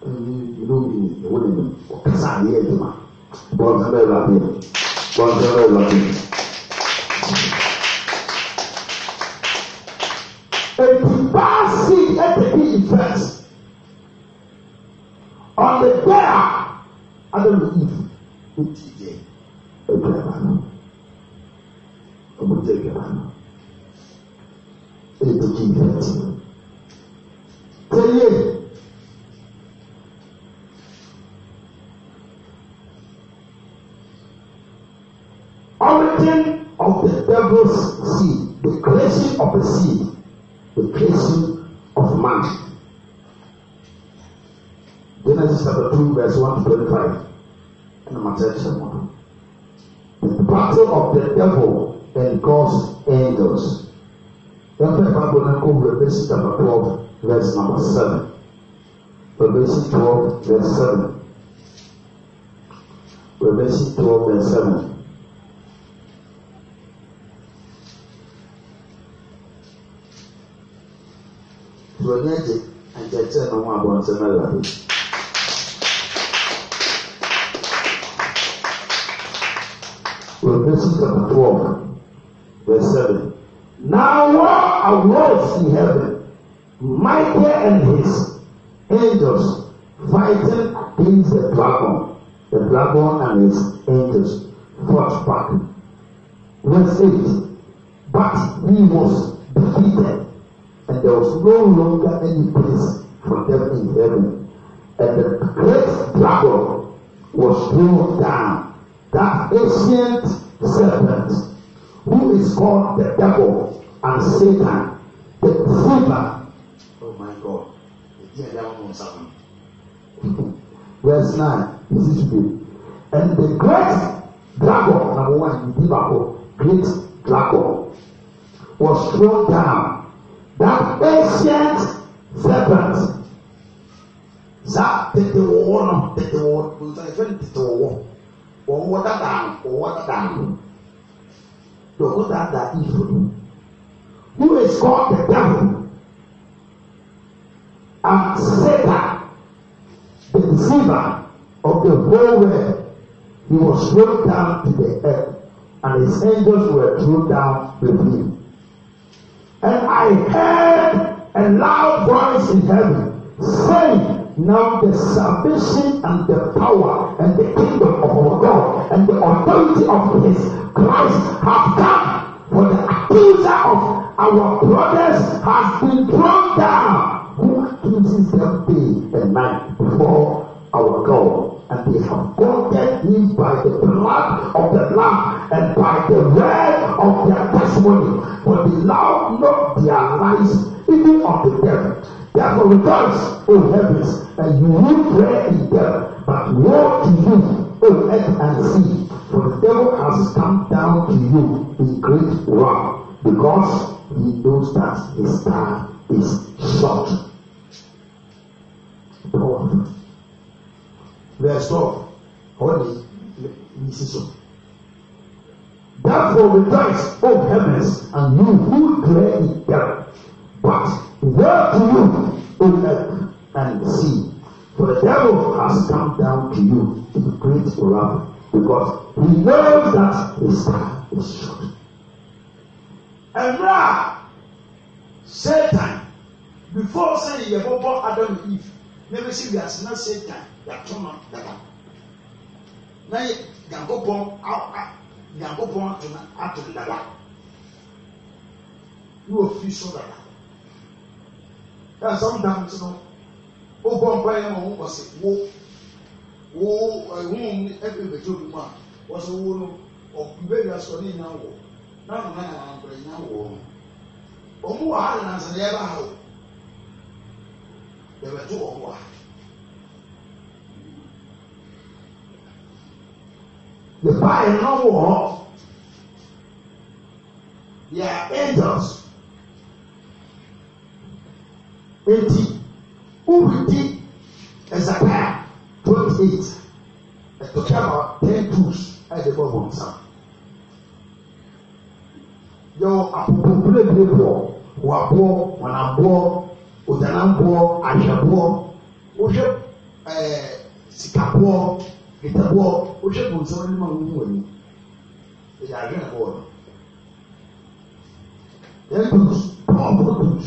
ɛni lóbi ɛwɔ ne mu ɔkasa ani yɛ duma bɔn sɛbɛ ɛwɔ abe bɔn sɛbɛ ɛwɔ abe. Eti baasi ɛtɛbi effect on the day a Adam and Eve eti yɛ ɛgbɛrɛ ba no ọmọ jẹ́ ìgbà ó lè origin of the devil's seed, the creation of the seed, the creation of man. Genesis chapter two, verse one to twenty-five. 25. And I'm attention. The battle of the devil and God's angels. Yɛmfɛ Bible no nkɔ Revelation chapter twelve verse number seven. Revelation twelve verse seven. Revelation twelve verse seven. Wònyɛ gye nkyɛnkyɛn na wọn abɔnten na yàrá. Revelation chapter twelve verse 7. Now what arose in heaven, Michael and his angels fighting against the dragon. The dragon and his angels fought back. Verse 8. But he was defeated, and there was no longer any place for them in heaven. And the great dragon was thrown down, that ancient serpent who is called the devil and Satan, the deceiver. Oh my God. Verse 9, this is true. And the great dragon, number one, the devil, great dragon, was thrown down. That ancient serpent. Saa tètè wọ̀ wọ̀ nọ, tètè wọ̀, nsa ìfẹ́ ni tètè wọ̀ wọ̀, wọ̀ wọ̀ dáadáa, wọ̀ wọ̀ dáadáa those that evil, who is called the devil and Satan, the deceiver of the whole world. He was thrown down to the earth, and his angels were thrown down with him. And I heard a loud voice in heaven saying, Now the salvation and the power and the kingdom of our God and the authority of his Christ have come, for the accuser of our brothers has been thrown down, who accuses them day and night before our God. And they have gotten him by the blood of the Lamb and by the word of their testimony, for they love not their lives even of the devil. Therefore, rejoice, O heavens, and you will pray in them. But woe to you Look oh, and see, for the devil has come down to you in great wrath, because he knows that his time is short. Verse 12. Therefore, rejoice, O heavens, and you who dwell in them. But well to you, O earth and sea. For The devil has come down to you in great wrath because he knows that his time is short. Ẹ̀rọ a Satan before sẹ́yìn yẹ bọ́ bọ́ Adam and Eve na ebi si wiase na Satan yàtọ̀ ma dada na yẹ yankopɔn awa yankopɔn atona ato dada ne wɔ fi so dada ẹ sọ n dam ti no wobɔ mpaeɛ ma wo wɔ se wo wo ɛhum ɛfɛ bɛgye obi mu a wɔsɛ wo no ɔbɛbi asɔ ne nyina wɔ na nana yɛ nankora nyina wɔ no wɔn wɔ ha nansa deɛ ɛba ha o bɛbɛto wɔn wɔ ha bɛba yɛ na wɔ hɔ angels eti. Who wúdi Ezekaya twenty eight ɛtɔkya ma ten tools ɛde bɔ wɔn nsa yɛwɔ apopopire bie bi wɔ waboɔ wɔnaboɔ ogyanaboɔ ahwɛboɔ wohwɛ ɛɛ sikaboɔ gitaboɔ wohwɛ wɔn nsa wɔn anim a wɔn mu wɔn mu ɛyɛ ahwɛ na bɔɔl ten tools pɔnkɔ tools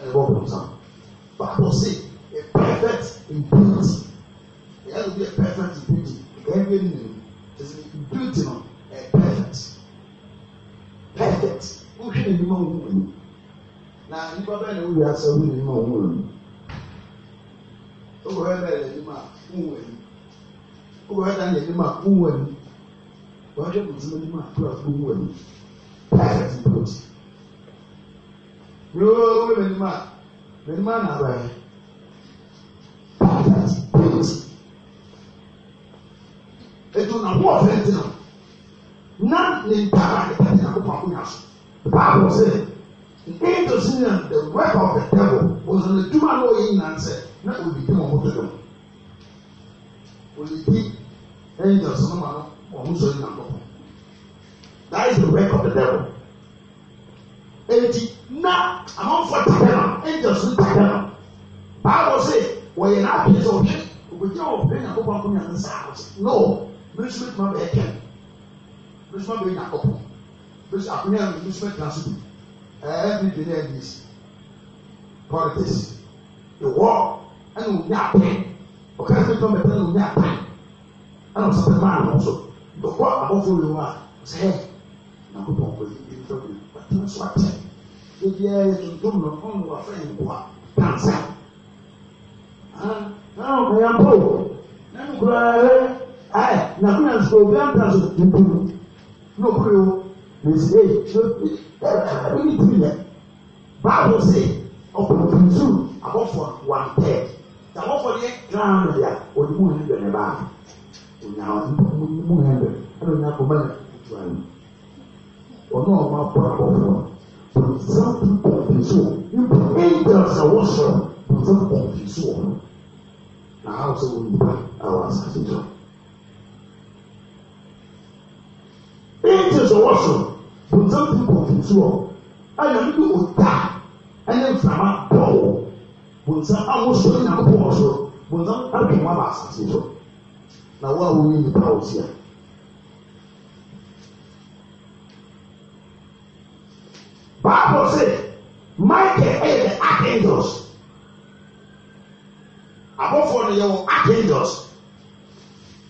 ɛde bɔ wɔn nsa. Bible say a perfect in beauty. It has to be a perfect in beauty. Every name is beauty no a perfect. Perfect. Wohwe ne nnwuma wo mu no. Na nnipa bɛyɛ na wowie asɛ wo ne nnwuma wo mu no. Wowɔ hɛ bɛyɛ n'anim a wowɔ anim. Wowɔ hɛ dan n'anim a wowɔ anim. Wɔhwɛ bɔtɔ n'anim a kura wowɔ Perfect in beauty. Wowɔ wɔ n'anim a. Remember now, perfect purity. Ètò ìnáwó ọ̀fẹ́ ti nà. Na ní ntàrà nípa ní àkókò àkóyà so. Báwo sè é ètò sí nà the work of the devil òsè ní ìdúmọ̀ náà òyìn nà nsẹ̀ na òbí dín wọn kótó dùn. Òyìn dín ẹ̀yìn dọ̀sán náà wọn sọ ní àkókò. That is the work of the devil eti na amanfo tata na angels tata na baabu sɛ wɔyɛ n'apɛ sɛ ɔhwɛ obogyina wɔ pere nyakopɔ akonya ne nsa akɔsɛ no mmiri so bɛtuma bɛyɛ kɛm mmiri so bɛyɛ nyakopɔ mmiri so akonya no mmiri so bɛtena so bi ɛɛ bi bi na ɛbi si politics ɛwɔ ɛna onya apɛ ɔkaa sɛ bɛtuma bɛtena na onya apɛ ɛna ɔsɛ bɛtuma ano nso dɔkɔ abɔfo yi wa sɛ nyakopɔ nkɔ yi atɛm nso atɛm ebiara yɛ tuntum na ɔmo wɔ afɛ nkoa dansa ɛna ɔbɛyɛ mpo na nkura yɛ ayɛ na kuna nso obi anta so tuntum na okuro na esi eyi tso ɛɛ ɛbi ni tiri yɛ baabu se ɔkpɔ tuntum abɔfo wantɛ na abɔfo yɛ gaa na yɛ onimu hɛndɛ ne baa onyaa onimu hɛndɛ ɛna onyaa kɔmɛ na kutu ayi ɔno a ɔmo abɔ abɔfra but some people angels a wɔsoro but some people na how sɛ wɔn nipa a wɔasase so angels a wɔsoro but some people dey so ɔno ayɛ no bi ota ɛne mframa bɔɔ bonsam awosoro nyakopɔ wɔ soro na wɔn a wɔn yɛ nipa a Bible say Michael is the archangels. Abọ́fọ̀ ni yẹ wọ archangels.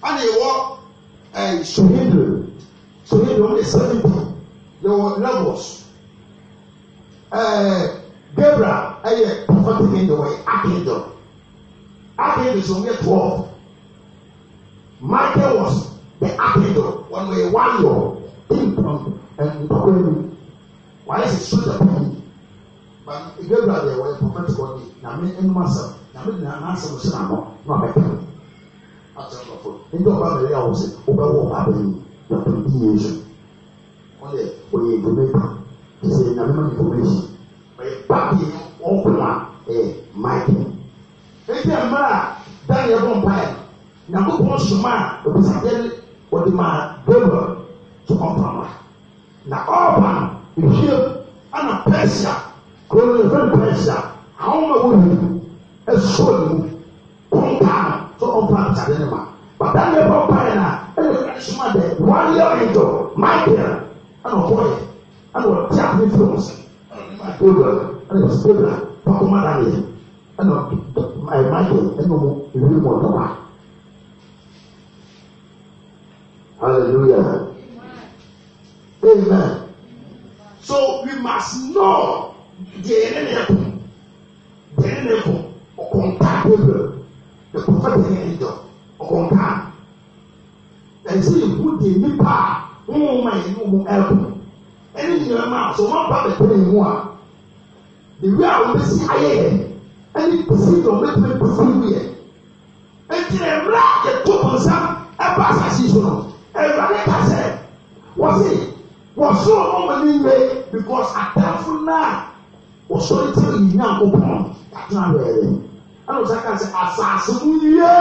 Wọ́n yẹ wọ eh, Sohedro. Sohedro ní seventy. Yẹ wọ levels. Gabriel eh, eh, ẹ yẹ prophetic angel wọ archangel. Archangels wọ́n yẹ twelve. Michael was the archangel. Wọ́n yẹ one law. Impossible wayɛ sɛ soja pɔn but ebibira deɛ wɔyɛ prophetic wɔn de nyame enum asɛm nyame de n'asɛm hyɛ n'anɔ na ɔbɛka akyɛ nkorɔfo ebi ɔba bɛyɛ a wɔsɛ ɔbɛwɔ ɔba bɛyi na pɛn bi yɛ nsu ɔyɛ ɔyɛ informata ɛsɛ nyame ma information ɔyɛ baabi yɛ ɔkuma ɛyɛ maik ebi mmerɛ a dan yɛ bɔ mpaeɛ nyakopɔn soma a obisadeɛ ɔde maa bɛbɔ so ɔmpama na ɔɔba no ehiem ɛna pɛsia kuro no efɛn pɛsia ahoma wɔ mu ɛsɔ ne mu kɔmpaa so ɔmpa ntade ne ma baba ne bɔ pae na ɛna ɛsoma dɛ wɔn yɛ ɔyɛdɔ maikɛl ɛna ɔbɔ yɛ ɛna ɔte a ne fi wɔn sɛ ɛna ɛna sibira pakoma da yɛ ɛna ɛɛ maikɛl ɛna ɔmo ewi mu ɔdɔ wa hallelujah amen so we must know the enemy. The enemy deɛ yɛn the ko ɔkɔntaa bebree ɛkɔfa deɛ yɛn dɔ ɔkɔntaa ɛsɛ ehu deɛ nipa a wɔn ma yɛn ne wɔn ɛko ɛne nyinaa ma so wɔn ba bɛtɛ ne mu a ewi a wɔn bɛsi ayɛ yɛ ɛne kusi deɛ wɔn bɛtɛ kusi yɛ ɛti ɛwura yɛtɔ wɔn nsa ɛba asase so no ɛwura ne ka sɛ wɔsi wɔso wɔn wɔn ani yie because atamfo naa wɔsɔre ti yi nyanko pɔn atena wɛrɛ ɛna wɔsan ka sɛ asase mu yie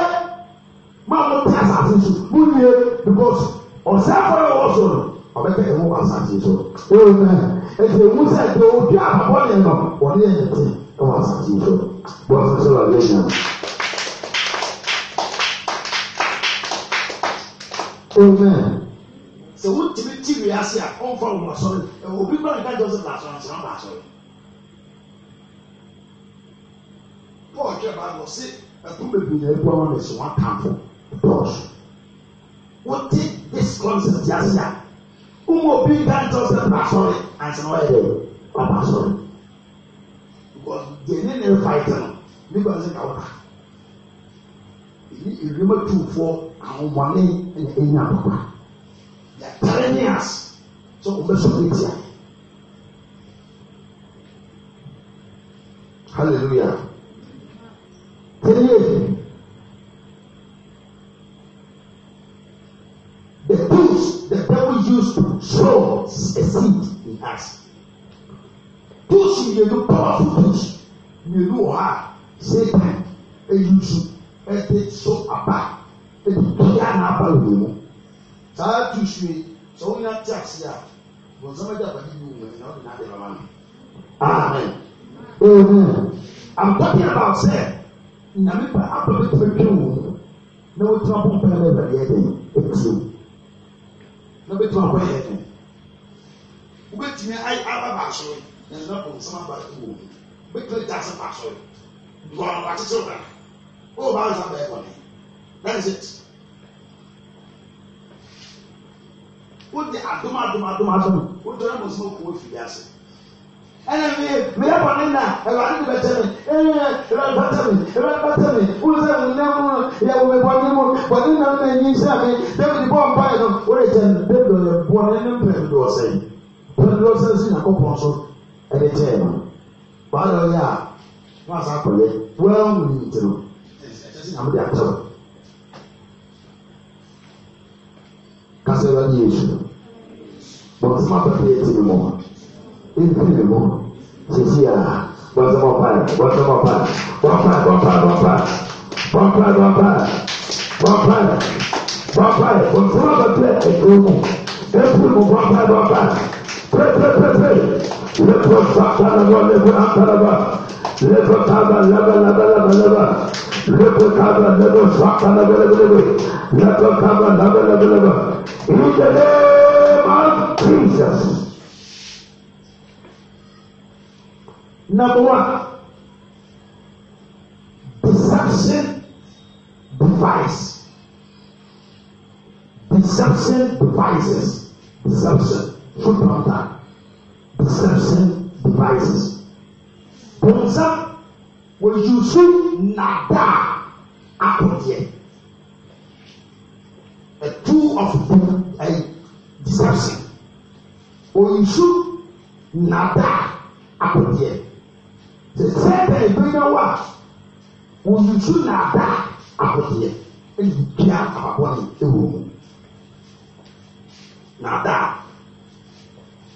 maa wɔn ti asase so mu yie because ɔsan fɔlɔ wɔ so no ɔbɛka ɛmu wɔ asase so amen ɛti emu sɛ ɛdi o bi ababɔ yɛn no wɔn yɛ yɛn ti ɛwɔ asase so bɔ asase so la lɛ Amen sɛ wontumi ti wiase a ɔmfa wɔn asɔre ɛwɔ obi kora nka jɔn sɛ baasɔ na sɛn baasɔ yi paul twɛ baa lɔ se ɛkún bebree na ebu ama na so wɔn atamfo dɔɔso wɔte this concept yase a wɔn obi nka jɔn sɛ baasɔ yi ansan wɔyɛ dɛ baasɔ yi because deɛ ne ne fa yi tɛ no ne kora sɛ ka wɔn ta eyi ewiem atufoɔ ahomane ɛna enya akɔkora ɛtare ne ase so wɔbɛfa ne tia hallelujah tɛnye the tools the devil use to throw a seed in us tools mmienu powerful tools mmienu wɔ ha satan eyi nsu ɛte so aba ebi bia na aba wɔ mu saa tusue sɛ wonya te ase a bɔnsɛm agya abadi bi wɔ nyina wode naade bama no amen ɔhu I'm talking about sɛ nyame pa aba bɛtumi twe wo mu na wotuma bɔ mpɛn na awurade ɛdɛn ɛtuo na bɛtuma bɔ yɛ ɛdɛn wobɛtumi ayi aba baasɔre na nyina bɔnsɛm aba wɔ mu bɛtumi gya ase baasɔre dɔn wakyekyere wura o baasa bɛɛ bɔne that is it. wogye adom adom adom adom wogye ɔmo sɛ ɔkɔ ofi bi ase ɛna mi mi yɛ bɔnne na ɛwɛade de bɛtɛ mi ɛɛ ɛwɛade bɛtɛ mi ɛwɛade bɛtɛ mi wosɛ mi nam mu yɛ wɔ mi bɔnne mu bɔnne na mi na nyi nhyɛ mi david bɔ mpa yi no wɔyɛ kyɛn david yɛ bɔnne ne mpɛn do ɔsɛ yi mpɛn do ɔsɛ si na kɔkɔɔ so ɛde kyɛn no baada yɛ a wɔn asa akɔyɛ wɔn mu yi ti no ɛkyɛ si na mo bọ̀tẹ́símà pẹ̀lú yẹn ti ni mọ̀ yẹn ti ni mọ̀ sisi a bọ̀tẹ́mọ̀ pàì bọ̀tẹ́mọ̀ pàì bọ̀pàì bọ̀pàì bọ̀pàì bọ̀pàì bọ̀pàì bọ̀pàì bọ̀pàì bọ̀tẹ́mọ̀ pẹ̀lú ẹ̀dùn mu ẹ̀dùn mu bọ̀pàì bọ̀pàì pẹ̀pẹ̀pẹ̀pẹ̀ lẹ́kọ̀ọ́ sàkàlàbọ̀ lẹ́kọ̀ọ́ àkàlàbọ̀ lẹ́kọ̀ọ́ tàbà lábàlábàlábà lẹ́kọ̀ọ́ tàbà lẹ́kọ̀ọ́ sàkàlàbọ̀ lẹ́kọ̀ọ́ tàbà lábàlábàlábà ìjẹ́lẹ́. Jesus. Number one, deception device. Deception devices. Deception. Foot on that. Deception devices. Bonsa will use nada akonye. A tool of a deception oyisu nada akɔdeɛ sɛ sɛ ebenya wa oyisu nada akɔdeɛ eyi bia ababoa no ewu mu nada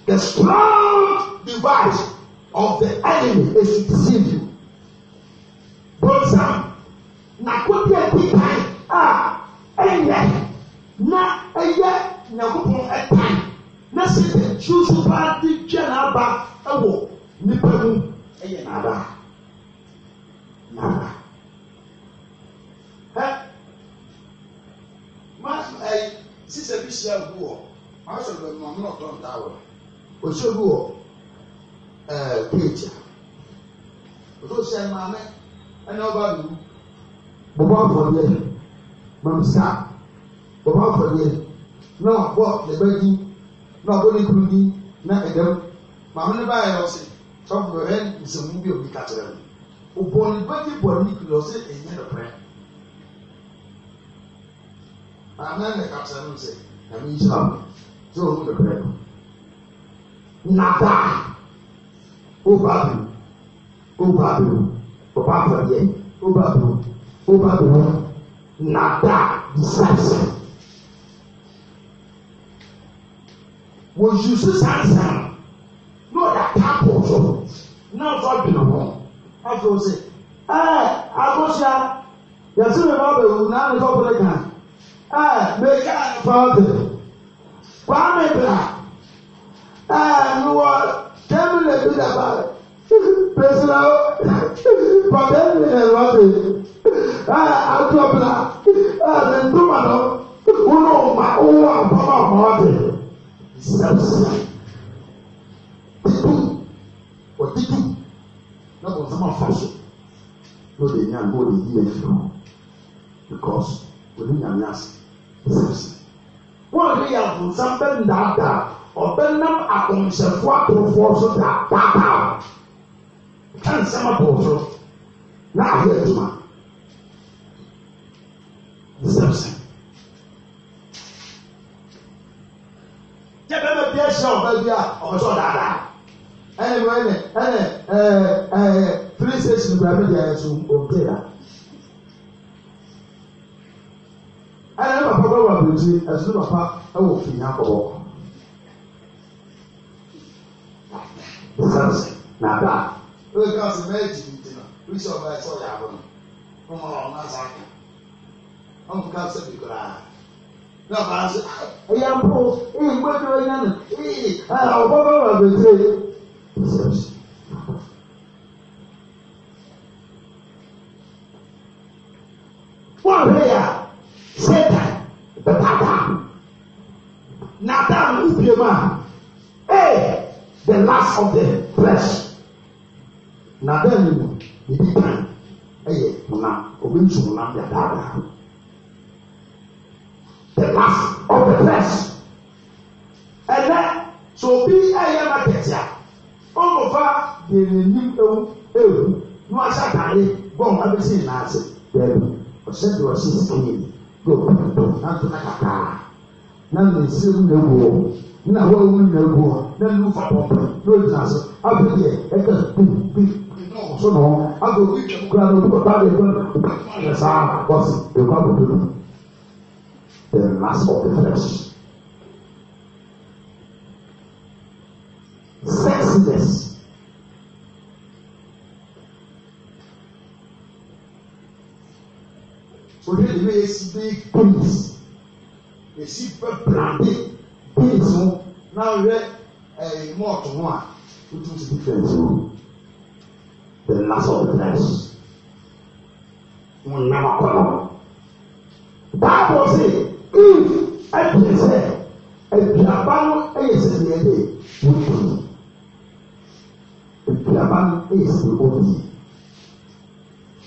the strong device of the enemy is to deceive you bronzam na kodeɛ bi kan a ɛyɛ na ɛyɛ nyakubɔn ɛtan. Nasi sɛ ɛtuo so paa de ɛwɔ nipa mu ɛyɛ e n'aba n'aba ɛ ma ɛyi e, sisa bi hyia gu wɔ maa sɔrɔ bɛ maa mi na ɔtɔn daa wɔ osu gu wɔ ɛɛ peegi a osu sɛ maame ɛna ɔba mi bɔbɔ afɔdeɛ mamsa bɔbɔ afɔdeɛ na wabɔ ne na ɔbɔ ne kuru ni na ɛdɛm maame ne baa yɛ ɔsi tɔpɔ ɛyɛ nsɛmú bi omi ka kyerɛ no ɔbɔ ne ba ti bɔ ne kuru ɔsi ɛnyɛ no pɛ maame ne ka kyerɛ no sɛ ɛmi nhyira mo sɛ ɔmo no pɛ no nada ɔba bi ɔba bi ɔba bi ɔba bi bi ɔba bi nada decisive. wɔyusu sansan na ɔda paapɔ so na ɔfa bi na hɔ afɔ se ɛɛ akɔsia yasi mi ba bɛwu na mi kɔ pere kan ɛɛ meka fɔte kwame bla ɛɛ mi wɔ tɛmi le bi daba pesira o pɔtɛ mi le wɔ pe ɛɛ atɔ bla ɛɛ mi ntoma no wolo ma wo wɔ apɔmɔ ɔmɔ ɔte steps wɔde tu na wɔn nsɛm afa so na wɔde nya na wɔde yi ɛfiri hɔ because wɔde nya nya steps wɔn a wɔyɛ abonsam bɛ ndaadaa ɔbɛnam akɔnhyɛfo atorofoɔ so daadaa kan nsɛm atorofoɔ na ahɛ adwuma. si kura mi deɛ nso ɔbɛ ya ɛna ne papa bɛ wɔ abirikyi ɛso ne papa ɛwɔ finya kɔkɔ sɛnsi n'aba o yɛ kaa mɛ ɛgyi mi gyina o yi sɛ ɔbɛ ɛsɛ ɔyɛ abo no ɔmo ɔmo asa aka ɔmo kaa sɛ bi koraa na ɔbaa sɛ ɛyɛ mpo ɛyɛ mpo ɛdi ɔyɛ no ɛyɛ ɔbɔ bɛ wɔ abirikyi sɛnsi. out from them fresh na bẹẹ ni mo ebi kan ɛyɛ honam obi nso honam yɛ daadaa the last of the flesh ɛnɛ so obi ɛyɛ market a ɔmofa deɛ n'anim ewu ewu na ɔhyɛ ataade bɔn abɛsi nyinaa ase bɛɛbi ɔhyɛ deɛ ɔhyɛ skin na ɔkutu na ntoma kakaa na ne nsirem na ewu wɔn na hɔ ewu nyina egu hɔ na nu fa pɔmpɛ na oyi na ase abe deɛ ɛka pim pim na ɔso abe obi twɛm kura na obi papa de ɛgbɛn obi saa ɔsi ekɔ abodo no the last of the flesh sexiness. Oye de bi esi bi polis, esi bɛ brande eight mu na ahwɛ ɛɛ mɔɔto ho a wotu ti difference mu the last of the rest wọn nam akɔla baabul sɛ if ɛdi sɛ aduaba no ɛyɛ sɛ deɛ de wotu aduaba no ɛyɛ sɛ deɛ wotu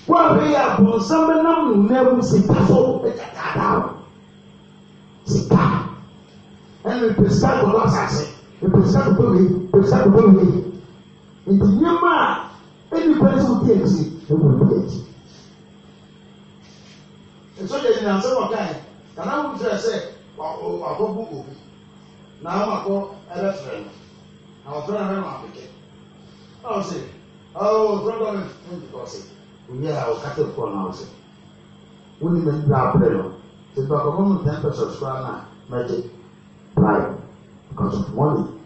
wọn ahwɛ yɛ abonsam nam ne nan mu so ɛkata ada ɛna mpesa gbɔdɔ asase mpesa gbɔdɔ wei mpesa gbɔdɔ wei nti nneɛma a enipa nso di akyi ɛwɔ ɛwɔ akyi nso yɛ nyina nsɛm wɔ kan kana wɔn kyerɛ sɛ wakɔbu obi na amakɔ ɛbɛfrɛ no na ɔfrɛ no ɛna apɛkɛ na ɔsɛ ɔɔ ɔfrɛ dɔ no ɛna ɔsɛ obi a ɔkata kɔ na ɔsɛ wɔn nyinaa ɛna apɛrɛ no tɛ bɛkɔ wɔn mu ten percent koraa na mɛgye pride because of money,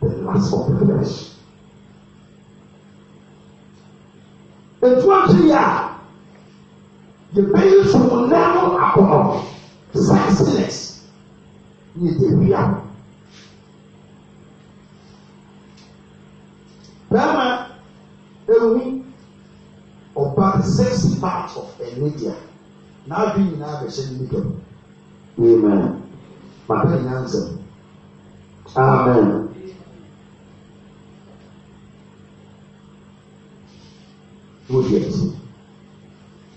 the lust of the flesh. Etu ati ya, yɛbɛyi sɔmɔnaa no akɔnɔ saa sinners ne yɛdɛwia. Bɛrima ewu ɔbaa sexy parts of a media na adi nyinaa bɛhyɛ ne mu Amen mapɛ nyansa amen wodi akyi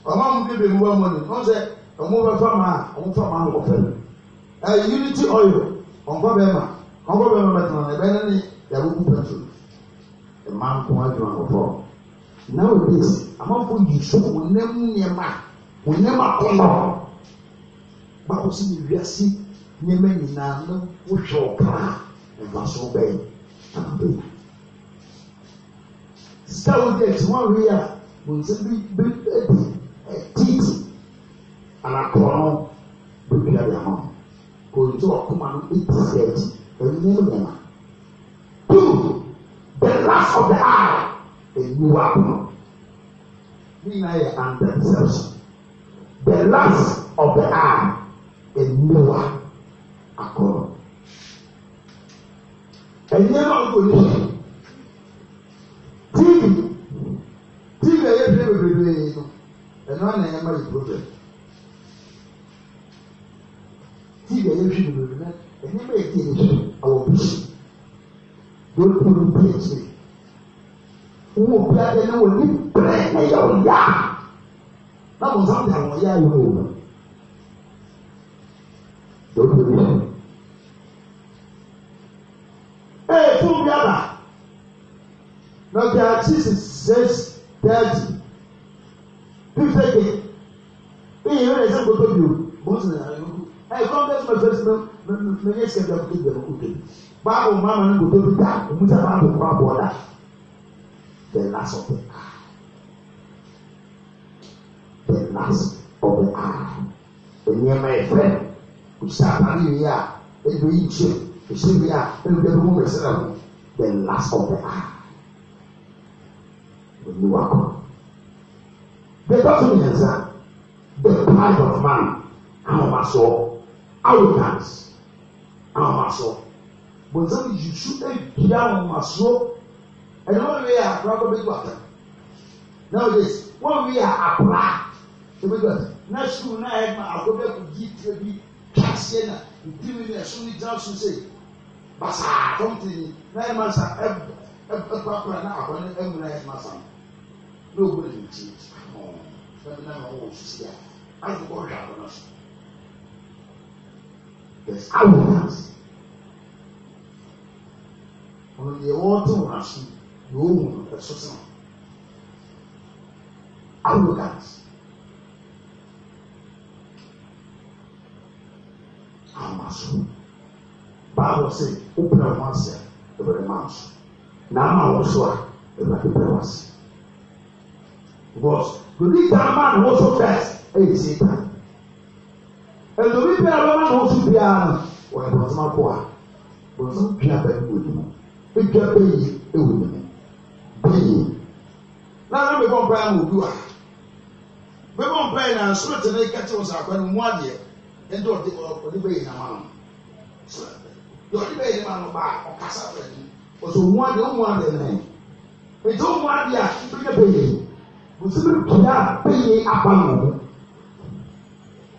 ɔma mo de bɛmu wa mo ne ɔn sɛ ɔmo bɛfa ma a ɔmo fa ma a wɔfɛ no ɛyɛ unity oil ɔnkɔ bɛrima ɔnkɔ bɛrima bɛtena na ɛbɛn ne yàrá kú pẹ̀tù mmaa nko adwuma foforɔ nowadays amanfo yi so wɔnam nneɛma wɔnam akɔnɔ baako si ne wiase nneɛma nyinaa no wohwɛ ɔkra ɛfa so bɛyɛ abɛyɛ sika wo a wɔn nsa bi bi ɛdi ɛtiti anakɔrɔ beebi a yɛn ho kòntò no eti sɛ ɛti ɛnyɛm nyɛma two the last of the hour ɛnuwa kono ne nyinaa yɛ under deception the last of the hour ɛnuwa akọrọ ẹnyẹ ọgbọ ni tiivi tiivi a yɛhwɛ bebree no ɛno ana yɛ ma yɛ problem tiivi a yɛhwɛ bebree no ɛnyɛ ma yɛ tiivi so awɔ bisi don kuru bi akyi wo bi adé na wɔ ni brɛ ɛyɛ ɔya na mo nsa de awɔ ya ayɛ wɔ wɔ don kuru bi akyi. gather. Now there are Jesus says thirty fifty k. Eyi yóò ẹsẹ̀ gbogbo bi o, mo ń sìn àyè ọkọ. Ẹ kọ́ bẹ́ẹ̀ sọ fẹ́ sinmi mẹ ẹ ṣẹ̀ dàbí kéde ọkọ kéde. Báwo máa ma ní gbogbo bi dá, òun sá máa bọ̀ bọ̀ dá. The last of the eye. The last of the eye. Ènìyàn máa yẹ fẹ́, kò sí àbáyé yìí à, ebi yìí jẹ, kò sí ibi à, ebi bẹ́ẹ̀ bí mo bẹ̀ sẹ́dá wọn the last of the hour. Olúwa kọ. Bẹ́ẹ̀ka tó mìíràn the pride of man àwọn máa sọ arrogance àwọn máa sọ. Bọ̀dán Yusu èdè àwọn máa sọ ẹ̀yọ́ and wíyà we are probably gbàtà. Nowadays wọ́n wíyà àkùrá kọ́ bẹ́ẹ̀ gbàtà. Náà sùn náà next máa àgọ́ bẹ́ẹ̀ kò yí tẹ̀ bí kí a ṣe náà ìdí mi ní ẹ̀sùn ní jáàsùn sẹ́yìn basaa tɔnti yi na ɛma nsa ɛb ɛba kora na akɔne ɛmuna ɛma nsa no na ogu ne nkyi ɔn ɛbi na ma ɔwɔ osisi a ayi ɔhwɛ akɔne so there's arrogance ɔno deɛ wɔɔte wɔn aso na owu no ɛso sɛn arrogance. Amasu bible sɛ wopɛ wo ho ase a ɛbɛde ma so na ama wo so a ɛbɛde pɛ wo ase because the leader man wo so first ɛyɛ satan and the leader man wo so biara no wɔyɛ bɔnsɛm ako a bɔnsɛm dua bɛn wɔ ne mu edua bɛyi ɛwɔ ne mu bɛyi na ne bɛ bɔ mpɛn wɔ du a bɛ bɔ mpɛn na soro tɛ ne kɛtɛ wɔ sɛ akɔni mu adeɛ ɛdi ɔde ɔde bɛyi na ma no deɛ ɔde bɛyɛ ne ma no ba ɔkasa fɛ no ɔsɛ ɔmu adeɛ ɔmu adeɛ no ɛdi ɔmu adeɛ a bi ne bɛyɛ bosome pia a bɛyɛ aba no ho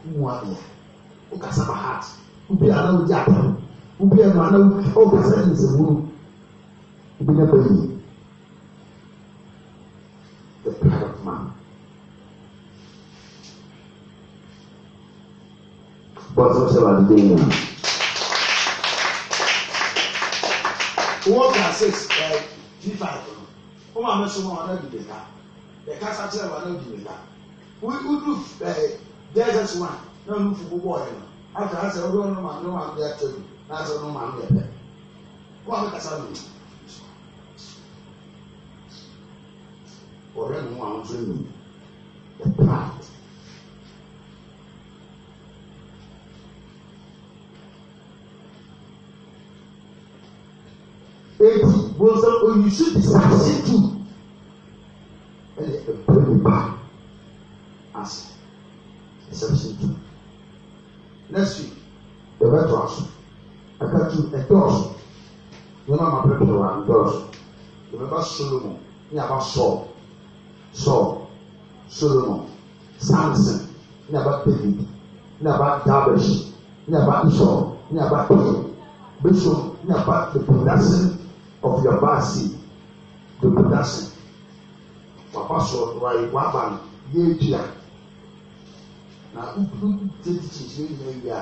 ɔmu adeɛ ɔkasa ba heart obi a na ɔgye aba no obi a na ɔkasa ne nsɛmú no obi ne bɛyɛ the pride of man. Bọ́sọ̀ ṣe wà ní déyìn one point six g five wọn máa mẹsàn án ọ dìde ká ẹ kásá tí ẹ wà ọdẹ dìde ká we we do dss one na ló fún gbogbo after that ọdún ọdún mi ọdún mi mi wọn eti bonsam oyisu bisase tu ɛna ɛpɛ mu ba ase bisase tu next week ɛbɛ to aso ɛka tu ɛdɔɔso nneɛma ma pɛpɛ wa ɛdɔɔso ɛbɛ ba solomon ne aba sɔɔ sɔɔ solomon samson ne aba david ne aba dabesh ne aba isɔɔ ne aba pɛlɛ bishop ne aba epundase of your baasi to do that thing papa sọ wàyí wàbà yéé dua na nkuru tètè kyekyere nyina yi a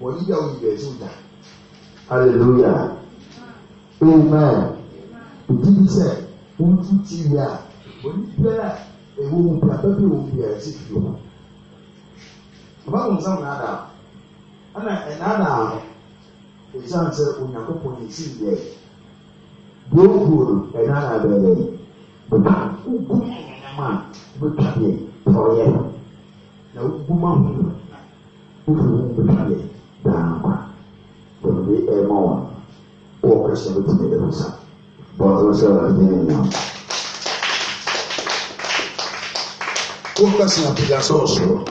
wọn yi a wọn yi ẹsẹ da hallelujah amen ìdí bi sẹ wọn tu tv a wọn yi bẹrẹ ewu mu bia bẹbí ewu bia ẹsẹ e fi wọn ọba wọn nsa wọn ada ẹna ẹna e ada ẹsan e sẹ onyankopɔ ne ti yẹ kurokuo no ɛna abɛɛlɛ bɛba ogu ɛnam a bɛtwa deɛ tɔɔyɛ na ogu ma ho no wofiri ho bɛtwa deɛ daakwa bɛnbi ɛma wɔn wɔ kɛse no tumi de ho sa bɔnso sɛ ɔde ne nam wokasena pagya sɛ ɔsoro